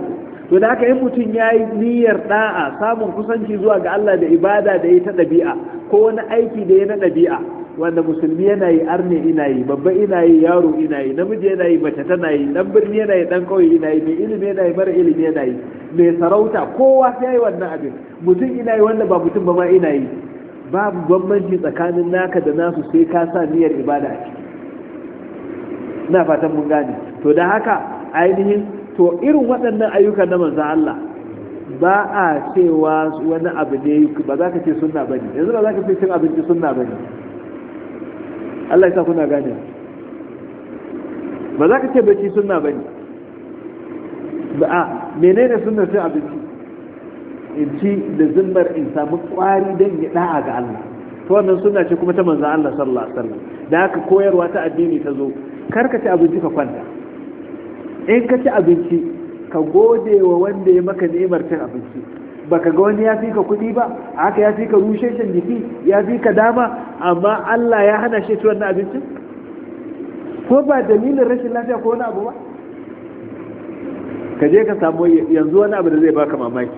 to da haka yin mutum ya yi niyyar da'a samun kusanci zuwa ga Allah da ibada da ya ta ɗabi'a ko wani aiki da ya na ɗabi'a wanda musulmi yana yi arne ina yi babba ina yi yaro ina yi namiji yana yi mace tana yi dan birni yana yi dan kauye ina yi mai ilimi yana yi mara ilimi yana yi mai sarauta kowa sai yi wannan abin mutum ina yi wanda ba mutum ba ma ina yi babu bambanci tsakanin naka da nasu sai ka sa niyyar ibada a ciki ina fatan mun gane to da haka ainihin to irin waɗannan ayyukan na manzo Allah ba a cewa wani abu ne ba za ka ce sunna bane yanzu ba za ka ce cin abinci sunna bane Allah ya sa kuna gane ba za ka ce bacci sunna bane ba a menene sunna cin abinci in ci da zimmar in samu kwari don ya da'a ga Allah to wannan sunna ce kuma ta manzo Allah sallallahu alaihi wasallam da haka koyarwa ta addini ta zo kar ka ci abinci ka kwanta in ka ci abinci ka gode wa wanda ya maka ni'imar cin abinci baka ga wani ya fi ka kuɗi ba haka ya fi ka shan jiki ya fi ka dama amma Allah ya hana shi ci wannan abincin ko ba dalilin rashin lafiya ko wani abu ba ka je ka samu yanzu wani abu da zai baka mamaki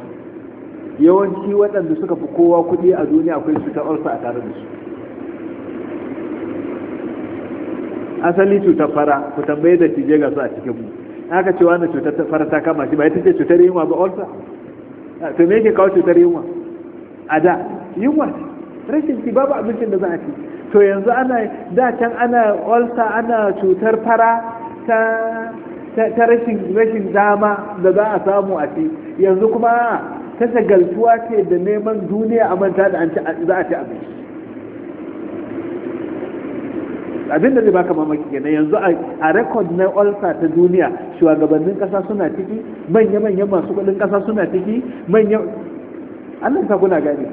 yawanci waɗanda suka fi kowa kuɗi a duniya akwai ta ulfa a tare da su asali cutar fara ku tambaye da tije ga su a cikin mu aka cewa na cutar fara ta kama shi ba ita ce cutar yunwa ba ulsa to me yake kawo cutar yunwa a da yunwa rashin ci babu abincin da za a ci to yanzu ana da can ana ulsa ana cutar fara ta ta rashin rashin dama da za a samu a ci yanzu kuma ta shagaltuwa ce da neman duniya a manta da an ci za a ci abinci abin da zai baka mamaki kenan yanzu a rekod na olsa ta duniya shugabannin kasa suna ciki manya-manyan masu kudin kasa suna ciki manya Allah ta kuna gani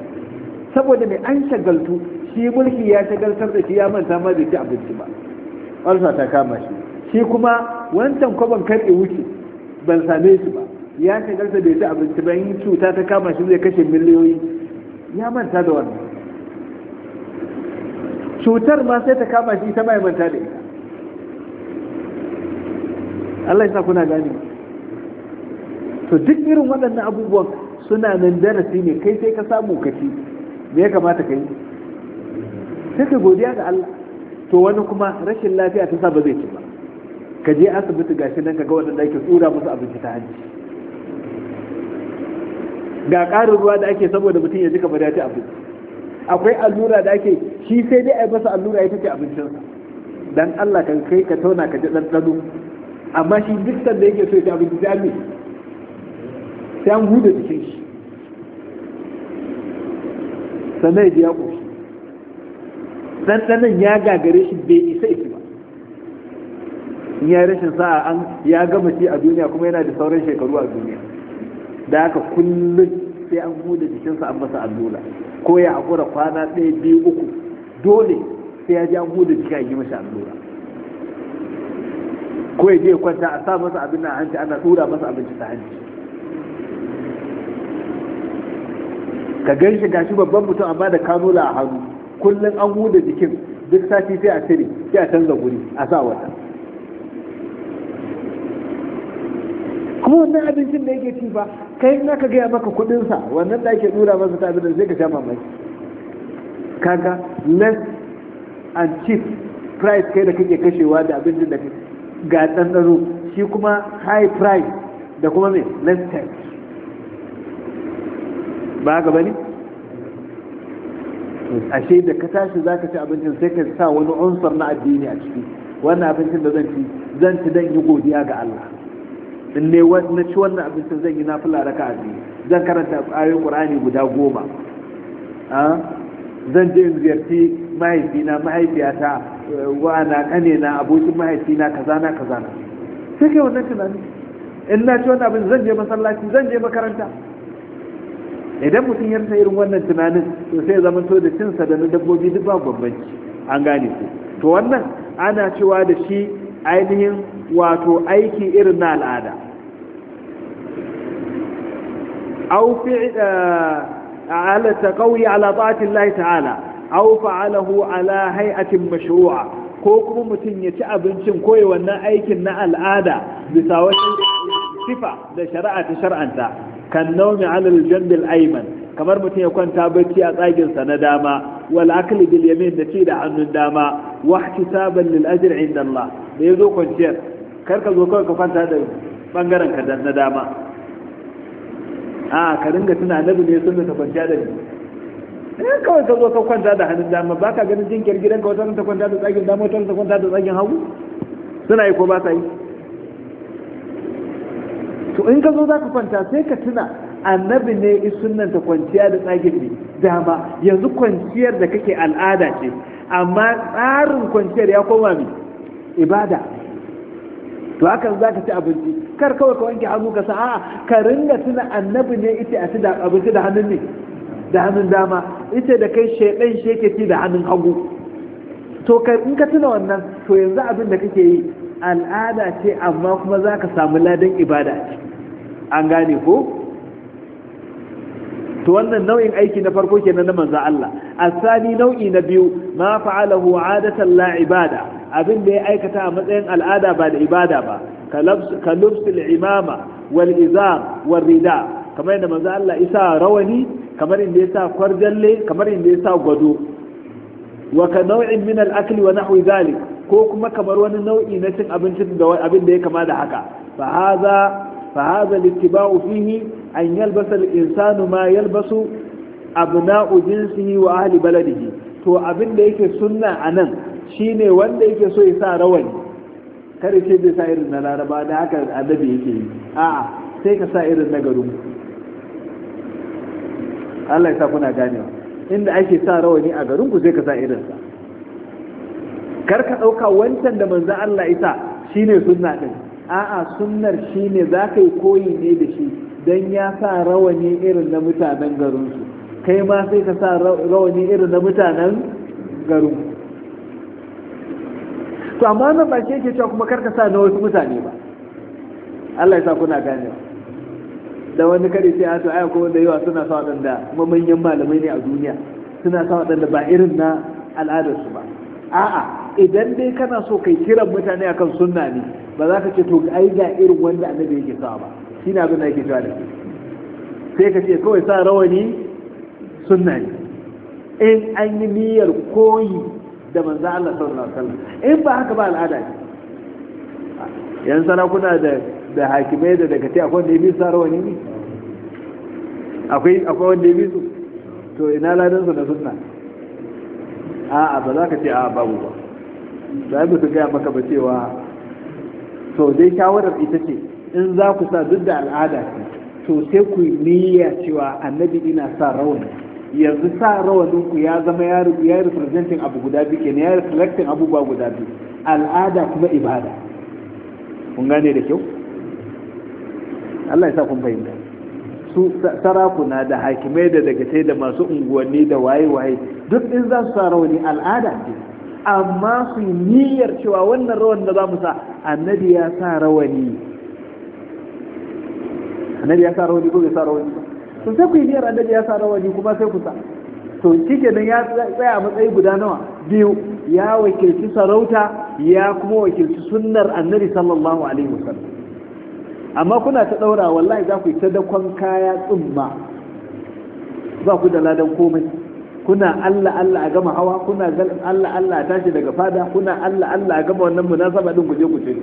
saboda mai an shagaltu shi mulki ya shagaltar da shi ya manta ma bai ci abinci ba olsa ta kama shi shi kuma wancan kwaban kar wuce ban same shi ba ya shagalta bai ci abinci ba in cuta ta kama shi zai kashe miliyoyi ya manta da wannan cutar ma sai ta kama shi ta maimanta manta da ita Allah sa kuna gani to duk irin waɗannan abubuwan suna nan darasi ne kai sai ka samu kaci me ya kamata ka yi sai ka godiya ga Allah to wani kuma rashin lafiya ta sa ba zai ci ba ka je asibiti gashi nan ka ga waɗanda ake tsura musu abinci ta hanci ga ƙarin ruwa da ake saboda mutum ya ji kamar ya ci abinci akwai allura da ake shi sai dai a yi masa allura ya tafi abincinsa dan Allah kan kai ka tauna ka ji ɗanɗano amma shi duk sanda yake so ya ci abinci sai an sai an huda jikin shi sannan ya ji ya ƙoshi ɗanɗanon ya gagare shi bai isa isi ba in ya rashin sa'a an ya gama ci a duniya kuma yana da sauran shekaru a duniya da haka kullum sai an huda jikinsa an masa allura ko ya haƙura kwana ɗaya biyu uku dole sai ya ja gudu jika yi masa allura ko ya je kwanta a sa masa abin na hanci ana tsura masa abinci ta hanci ka gan shi gashi babban mutum amma da kanula a hannu kullum an gudu jikin duk sati sai a cire sai a canza guri a sa wata kuma wannan abincin da yake ci ba kai na ka gaya maka kudinsa wannan da ake tsura masa ta abin da zai ka sha mamaki kaga less and cheap price kai da kake kashewa da abin da ga ɗanɗano shi kuma high price da kuma mai less tax ba ga bane ne ashe da ka tashi za ka ci abincin sai ka sa wani unsur na addini a ciki wannan abincin da zan ci zan ci dan yi godiya ga Allah in ne na ci wannan abincin zan yi na fula raka addini, zan karanta ayoyin qur'ani guda goma ah? zan je ziyarci mahaifina mahaifiyata wa kane kanena abokin mahaifina kazana kazana sai kai wannan tunani in na ci wannan abin zan je masallaci zan je makaranta idan mutum ya rasa irin wannan tunanin to sai zama to da cinsa da na dabbobi duk babu bambanci an gane su. to wannan ana cewa da shi ainihin wato aiki irin na al'ada au eh, على التقوي على طاعة الله تعالى أو فعله على هيئة مشروعة كوكو متن يتعب انشم كوي وانا ايكنا الآدى بساوة صفة لشرعة شرعا كالنوم على الجنب الأيمن kamar mutum ya kwanta barci a tsaginsa na dama wal akli bil yamin da ci da hannun dama wa ihtisaban lil ajr inda Allah da kwanciyar karka zo kawai da bangaren da na dama a ka ringa tuna annabi ne sun ta kwanciya da ni eh kawai ka zo ka kwanta da hannun dama ba ka ganin jinkir gidan ka wata ta kwanta da tsagin dama wata ta kwanta da tsagin hagu suna yi ko ba sa yi to in ka zo za ka kwanta sai ka tuna annabi ne nan ta kwanciya da tsagin ne dama yanzu kwanciyar da kake al'ada ce amma tsarin kwanciyar ya koma mai ibada to hakan za ka ci abinci kar kawai ka wanke hannu ka sa'a a'a ka ringa tuna annabi ne ita a ci da abinci da hannun ne da hannun dama ita da kai shaidan shi ci da hannun hagu to kai in ka tuna wannan to yanzu abin da kake yi al'ada ce amma kuma za ka samu ladan ibada ce an gane ko to wannan nau'in aiki na farko kenan na manzo Allah asali nau'i na biyu ma fa'alahu adatan la ibada abin da ya aikata a matsayin al'ada ba da ibada ba ka lubsul imama wal izam wal rida kamar yadda manzo Allah isa rawani kamar inda ya sa kwarjalle kamar inda ya sa gwado wa ka nau'in min al akli wa nahwi zalik ko kuma kamar wani nau'i na cin abincin da abin da ya kama da haka fa hadha fa hadha fihi an yalbasa al insanu ma yalbasu abna'u jinsihi wa ahli baladihi to abin da yake sunna anan shine wanda yake so ya sa rawani kada ce zai sa irin na laraba da haka annabi yake yi a'a sai ka sa irin na garin Allah ya sa kuna gane inda ake sa rawani a garin ku sai ka sa irin sa kar ka dauka wancan da manzo Allah isa shine sunna din a'a sunnar shine zaka yi koyi ne da shi dan ya sa rawani irin na mutanen garin su kai ma sai ka sa rawani irin na mutanen garin ku to amma nan ba ke cewa kuma karka sa na wasu mutane ba Allah ya sa kuna gane da wani kare sai a to aya ko wanda yawa suna sa wadanda kuma manyan malamai ne a duniya suna sa wadanda ba irin na al'adarsu ba a'a idan dai kana so kai kiran mutane akan sunna ne ba za ka ce to ai ga irin wanda annabi yake sa ba shine abin da yake cewa da sai ka ce kawai sa rawani sunna ne in an yi niyyar koyi da manzan Allah sallallahu alaihi wasallam in ba haka ba al'ada ne yan sarakuna da da hakimai da daga ta akwai wanda ya ne akwai akwai wanda ya su to ina ladan su da sunna a'a ba za ka ce a'a babu ba za mu su gaya maka ba cewa to dai shawarar ita ce in za ku sa duk da al'ada to sai ku niyya cewa annabi ina sa rawani yanzu sa rawanin ku ya zama ya ya representing abu guda biyu kenan ya reflecting abubuwa guda biyu al'ada kuma ibada kun gane da kyau Allah ya sa kun fahimta su sarakuna da hakimai da dagatai da masu unguwanni da waye-waye duk in za su sa rawani al'ada ce amma su niyyar cewa wannan rawan da za mu sa annabi ya sa rawani annabi ya sa rawani ko ya sa rawani to sai ku yi niyyar annabi ya sa rawani kuma sai ku sa to shikenan ya tsaya a matsayi guda nawa biyu ya wakilci sarauta ya kuma wakilci sunnar annabi sallallahu alaihi wasallam amma kuna ta daura wallahi za ku yi ta dakon kaya tsumma ba ku da ladan komai kuna Allah Allah a gama hawa kuna Allah Allah a tashi daga fada kuna Allah Allah a gama wannan munasaba din guje guje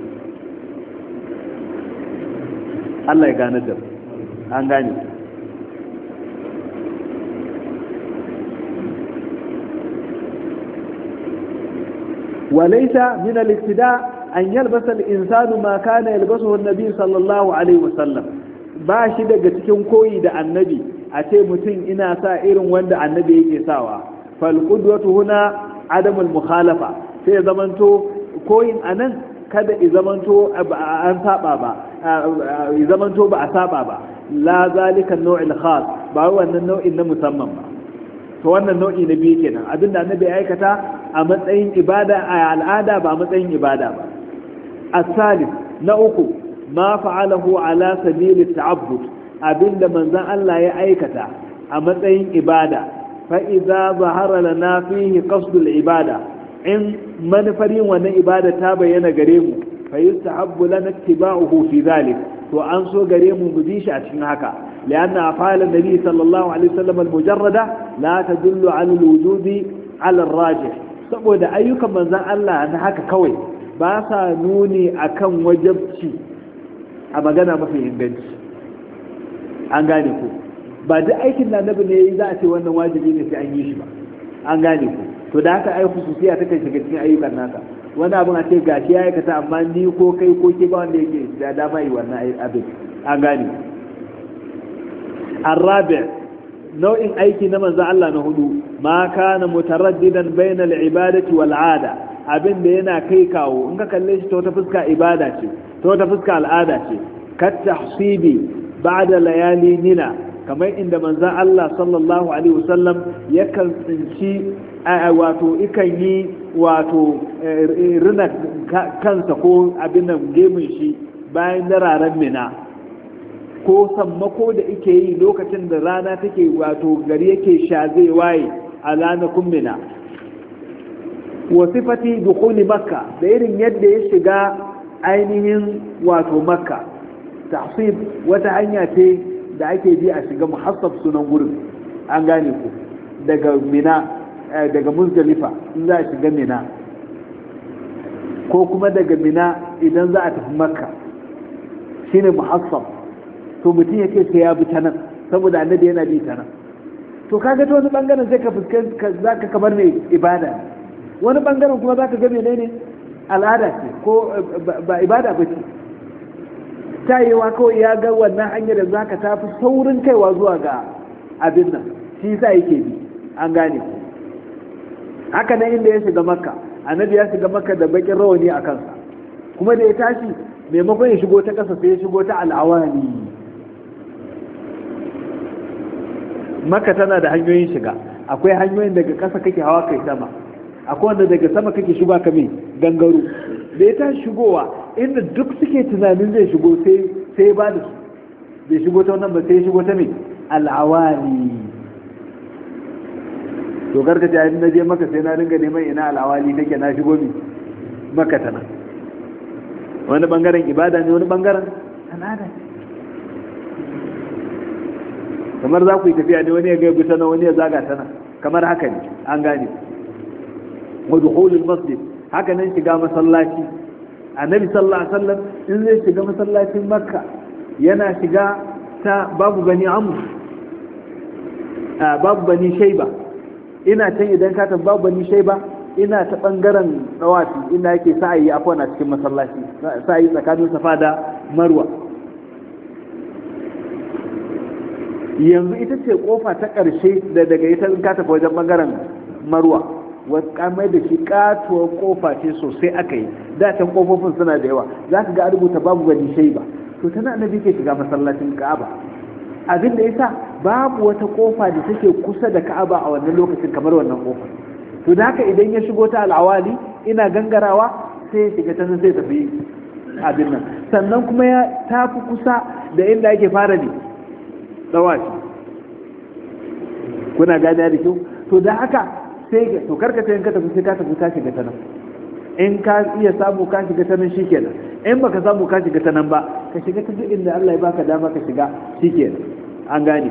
Allah ya gane da an gane walaisa min al-iktida an yalbasa al-insanu ma kana yalbasuhu an-nabi sallallahu alaihi ba shi daga cikin koyi da annabi a ce mutum ina sa irin wanda annabi yake sawa fal qudwatu huna adam al sai zamanto koyin anan kada i zamanto an saba ba i zamanto ba a saba ba la zalika an khas ba wannan nau'in na musamman ba to wannan nau'i na biyu kenan abinda annabi aikata a matsayin ibada a al'ada ba a matsayin ibada ba asali na uku ma fa'alahu ala sabili ta'abbud abinda manzon Allah ya aikata a matsayin ibada fa idza zahara lana fihi qasdul ibada in manufarin wannan ibada ta bayyana gare mu fa yustahabbu lana ittiba'uhu fi dhalik to an so gare mu mu bi shi a cikin haka لأن sallallahu alaihi صلى الله عليه وسلم المجردة لا تدل على الوجود على الراجح saboda ayyukan manzan Allah na haka kawai ba sa nuni a kan wajabci a magana mafi inganci an gane ku ba duk aikin da annabi ne za a ce wannan wajibi ne sai an yi shi ba an gane ku to da haka ai khususiya ta shiga cikin ayyukan naka wani abin a ce gashi ya aikata amma ni ko kai ko ke ba wanda yake da dama yi wannan abin an gane الرابع nau'in aiki na manzan Allah na hudu ma kana mutaraddidan bainal ibadati wal ada abin da yana kai kawo in ka kalle shi ta wata fuska ibada ce ta wata fuska al'ada ce kat tahsibi ba'da layali nina kamar inda manzon Allah sallallahu alaihi wasallam yakan tsinci wato ikan yi wato e, e, rina kansa ko abin nan gemun shi bayan dararen mina ko sammako da ike yi lokacin da rana take wato gari yake sha zai waye a ranakun mina wasu fati dukuni makka da irin yadda ya shiga ainihin wato makka tahsib wata hanya ce da ake bi a shiga muhassab sunan gurin an gane ku daga mina eh, daga muzdalifa in za a shiga mina ko kuma daga mina idan za a tafi makka shine muhassab to mutum ya ke sai ya bi ta nan saboda annabi yana bi ta nan to kaga ta wani bangaren sai ka fuskanta zaka kamar mai ibada wani bangaren kuma zaka ga menene al'ada ce ko ba ibada ba ce tayewa kawai ya ga wannan hanyar da za ka tafi saurin kaiwa zuwa ga abin nan shi sa yake bi an gane ku haka nan inda ya shiga makka annabi ya shiga makka da bakin rawani a kansa kuma da ya tashi maimakon ya shigo ta kasa sai ya shigo ta al'awani maka tana da hanyoyin shiga akwai hanyoyin daga ƙasa kake hawa kai sama akwai wanda daga sama kake shiga ka mai gangaro da ya shigowa inda duk suke tunanin zai shigo sai ba da su bai shigo ta wannan ba sai shigo ta mai al'awali to karka ta na je maka sai na dinga neman ina al'awali take na shigo mi maka tana wani bangaren ibada ne wani bangaren sanada ne kamar za ku yi tafiya ne wani ya gaibu ta nan wani ya zaga sana kamar haka ne an gane wadda masjid haka nan shiga masallaci annabi sallallahu alaihi in zai shiga masallacin makka yana shiga ta babu bani amur babu bani shaiba ina can idan ka babu bani shaiba ina ta bangaren tsawafi ina yake sa'ayi afwan a cikin masallaci sa'ayi tsakanin safa da marwa yanzu ita ce kofa ta ƙarshe da daga ita ka tafi wajen bangaren marwa kamar da shi katuwar kofa ce sosai aka yi datan kofofin suna da yawa za ka ga a rubuta babu gani shai ba to tana annabi ke shiga masallacin ka'aba abin da yasa babu wata kofa da take kusa da ka'aba a wannan lokacin kamar wannan kofa to da haka idan ya shigo ta al'awali ina gangarawa sai ya shiga ta sai tafi abin nan sannan kuma ya tafi kusa da inda ake fara ne tsawaci kuna gada da kyau to da haka sai ga to karka kai ka tafi sai ka tafi ka shiga tanan in ka iya samu ka shiga tanan shikenan in baka samu kashi ga tanan ba ka shiga ta duk inda Allah ya baka dama ka shiga shi shikenan an gane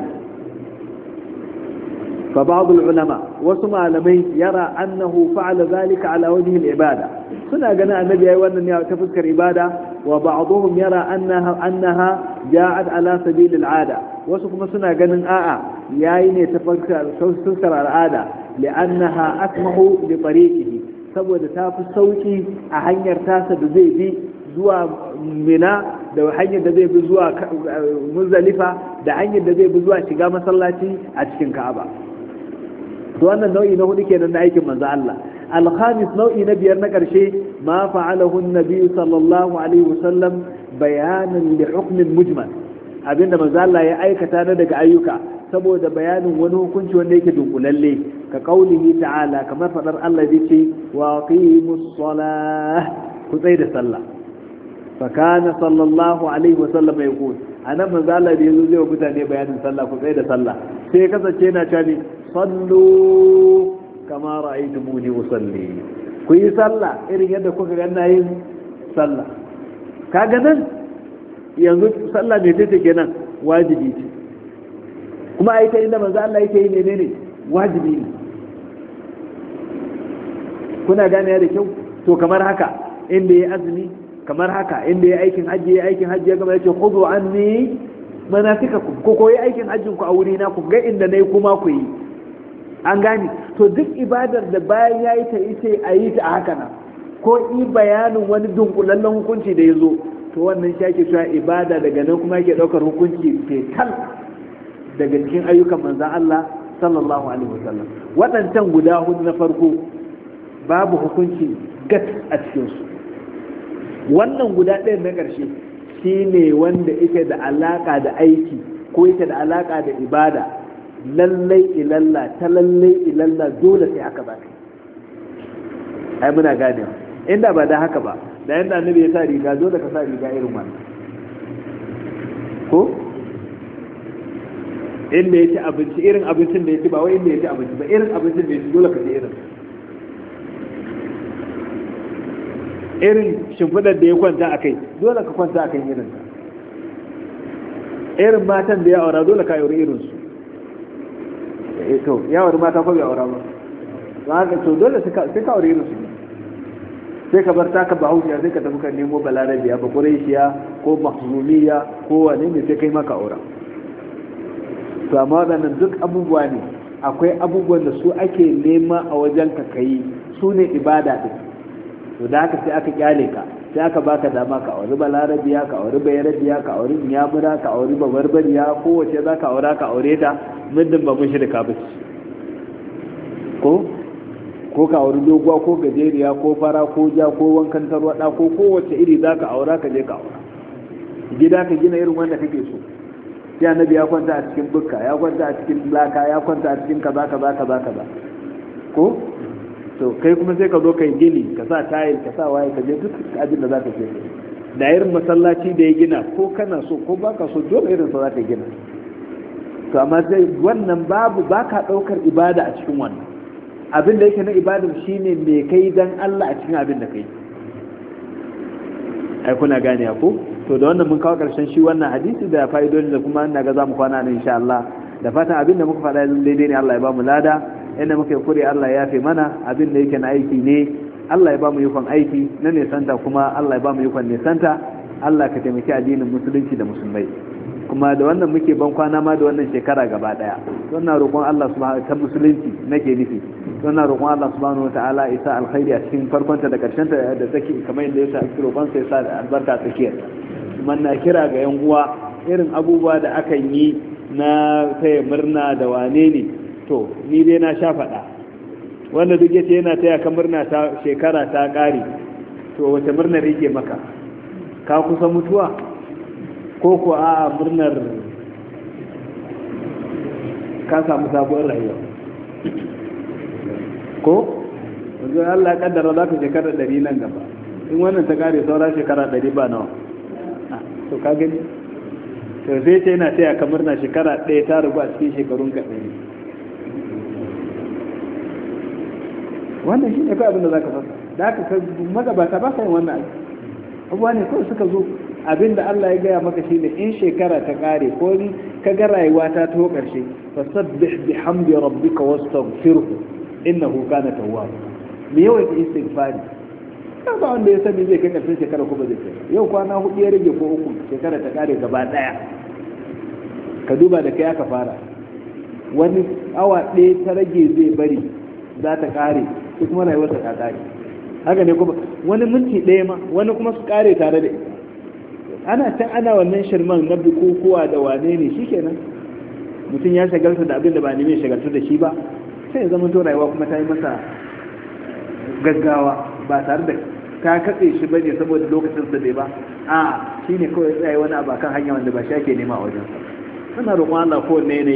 fa ba'd ulama wasu malamai yara annahu fa'ala zalika ala wajhi al-ibada suna ganin annabi yayi wannan ne a ta ibada wa ba'dhum yara annaha annaha ja'at ala sabilil al'ada wasu kuma suna ganin a'a yayi ne ta fuskar al'ada li'annaha asmahu bi tariqihi saboda ta fi sauki a hanyar tasa da zai bi zuwa mina da hanyar da zai bi zuwa muzalifa da hanyar da zai bi zuwa shiga masallaci a cikin ka'aba to wannan nau'i na hudu kenan na aikin manzo Allah alkhamis nau'i na biyar na karshe ma fa'alahu an-nabi sallallahu alaihi wasallam bayanin li hukmin mujmal abinda manzo Allah ya aikata na daga ayyuka saboda bayanin wani hukunci wanda yake dunkulalle ka kaulihi ta'ala kamar fadar Allah zai ce wa qimus salah ku tsai da sallah fa kana sallallahu alaihi wa sallam ya ku anan manzo Allah da yazo zai wa mutane bayanin sallah ku tsai da sallah sai kasance yana cewa ne sallu kama ra'aytumuni usalli ku yi sallah irin yadda kuka ga yin sallah kaga nan yanzu sallah mai ce kenan wajibi ce kuma a ta inda manzo Allah yake yi menene wajibi ne kuna gane da kyau to kamar haka inda ya azumi kamar haka inda ya aikin hajji ya aikin hajji ya gama yace khudu anni manasikakum ko koyi aikin hajjin ku a wuri na ku ga inda nayi kuma ku yi an gane to duk ibadar da bayan yayi ta ita ayi ta a haka nan ko i bayanin wani dunkulallen hukunci da ya zo to wannan shi ake cewa ibada daga nan kuma yake ɗaukar hukunci fetal daga cikin ayyukan manzan Allah sallallahu alaihi wasallam waɗancan guda hudu na farko babu hukunci gat a cikinsu wannan guda ɗaya na ƙarshe shi ne wanda yake da alaƙa da aiki ko yake da alaƙa da ibada lallai ilalla ta lallai ilalla dole sai aka ba ai muna gane. inda ba da haka ba da yadda annabi ya sa riga zo da ka sa riga irin wannan ko inda ya ci abinci irin abincin da ya ci ba wai inda ya ci abinci ba irin abincin da ya ci dole ka ci irin irin shimfidar da ya kwanta a kai dole ka kwanta a kan irin irin matan da ya aura dole ka yauri irinsu eh, to wani mata kwa ya aura ba za ka to dole su ka aure irinsu ne sai ka bar taka bahaushiya sai ka tafi ka nemo balarabiya ba quraishiya ko mahzumiya ko wani ne sai kai maka aura to amma waɗannan duk abubuwa ne akwai abubuwan da su ake nema a wajen ka kai su ne ibada din to da haka sai aka kyale ka sai aka baka dama ka auri balarabiya ka auri bayarabiya ka auri nyamura ka auri babarbariya kowace za ka aura ka aure ta muddin ba mushrika ba ko ko ka auri doguwa ko gajeriya ko fara ko ja ko wankan tarwada ko kowace iri za ka aura ka je ka aura gida ka gina irin wanda kake so sai annabi ya kwanta a cikin bukka ya kwanta a cikin laka ya kwanta a cikin kaza kaza kaza kaza ko to kai kuma sai ka zo kai gini ka sa tayil ka sa waye ka je duk abin da za ka je da irin masallaci da ya gina ko kana so ko baka so dole irin sa za ka gina to amma sai wannan babu baka daukar ibada a cikin wannan abin da yake na shi ne mai kai don Allah a cikin abin da kai ai kuna gane ku? to da wannan mun kawo karshen shi wannan hadisi da fa'idodin da kuma ina ga za mu kwana nan insha Allah da fatan abin da muka faɗa yanzu daidai ne Allah ya bamu lada inda muka kure Allah ya yafe mana abin da yake na aiki ne Allah ya bamu yukon aiki na nesanta kuma Allah ya bamu yukon nesanta. Allah ka taimaki addinin musulunci da musulmai kuma da wannan muke ban kwana ma da wannan shekara gaba daya wannan roƙon Allah subhanahu ta musulunci nake nufi suna roƙon Allah subhanahu wataala ya isa alkhairi a cikin ta da karshenta da take kamar yadda ya sa roƙon sai sa albarka tsakiyar man manna kira ga yan uwa irin abubuwa da aka yi na taya murna da wane ne to ni dai na sha faɗa wanda duk yace yana taya ka murna ta shekara ta ƙare to wace murnar yake maka ka kusa mutuwa ko ko a murnar ka samu sabuwar rayuwa ko yanzu Allah ya kaddara za ka shekara ɗari nan gaba in wannan ta kare saura shekara ɗari ba nawa ah, to ka gani to zai ce yana taya kamar na shekara ɗaya ta rubu a cikin shekarun ka ɗari wannan shi ne kawai abin da za ka fasa da aka ka magabata ba sa yin wannan abuwa ne kawai suka zo abin da Allah ya gaya maka shi ne in shekara ta kare ko ni ka ga rayuwa ta taho ƙarshe fasabbih bihamdi rabbika wastaghfirhu inna innahu kana tawwab me yawan istighfari kan ba wanda ya sani zai kai karshen shekara ko ba zai kai yau kwana hudu ya rage ko uku shekara ta kare gaba daya ka duba da kai aka fara wani awa ɗaya ta rage zai bari za ta kare su kuma rayuwar ta kare haka ne kuma wani minti ɗaya ma wani kuma su kare tare da ana ta ana wannan shirman na bukukuwa da wane ne shikenan mutum ya shagalta da abin da ba ne mai da shi ba sai ya zama to rayuwa kuma ta yi masa gaggawa ba tare da ta katse shi bane saboda lokacin da bai ba a shine kawai tsaye wani abu kan hanya wanda ba shi ake nema a wajen sa muna roƙon Allah ko ne ne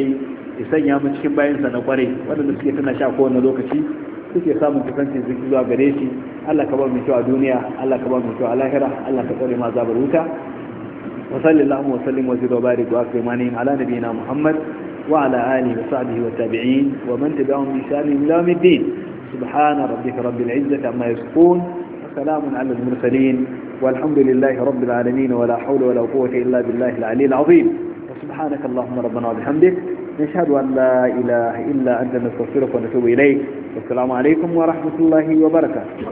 ya sanya mu cikin bayan sa na kwarai wanda suke tana sha kowane lokaci suke samun kusancin zuki zuwa gare shi Allah ka ba mu kyau a duniya Allah ka ba mu kyau a lahira Allah ka tsare ma zabar wuta wa sallallahu wa sallim wa zid wa barik wa akrimani ala nabiyina muhammad وعلى آله وصحبه والتابعين ومن تبعهم بإسلام إلى يوم الدين سبحان ربك رب العزة عما يصفون وسلام على المرسلين والحمد لله رب العالمين ولا حول ولا قوة إلا بالله العلي العظيم وسبحانك اللهم ربنا وبحمدك نشهد أن لا إله إلا أنت نستغفرك ونتوب إليك والسلام عليكم ورحمة الله وبركاته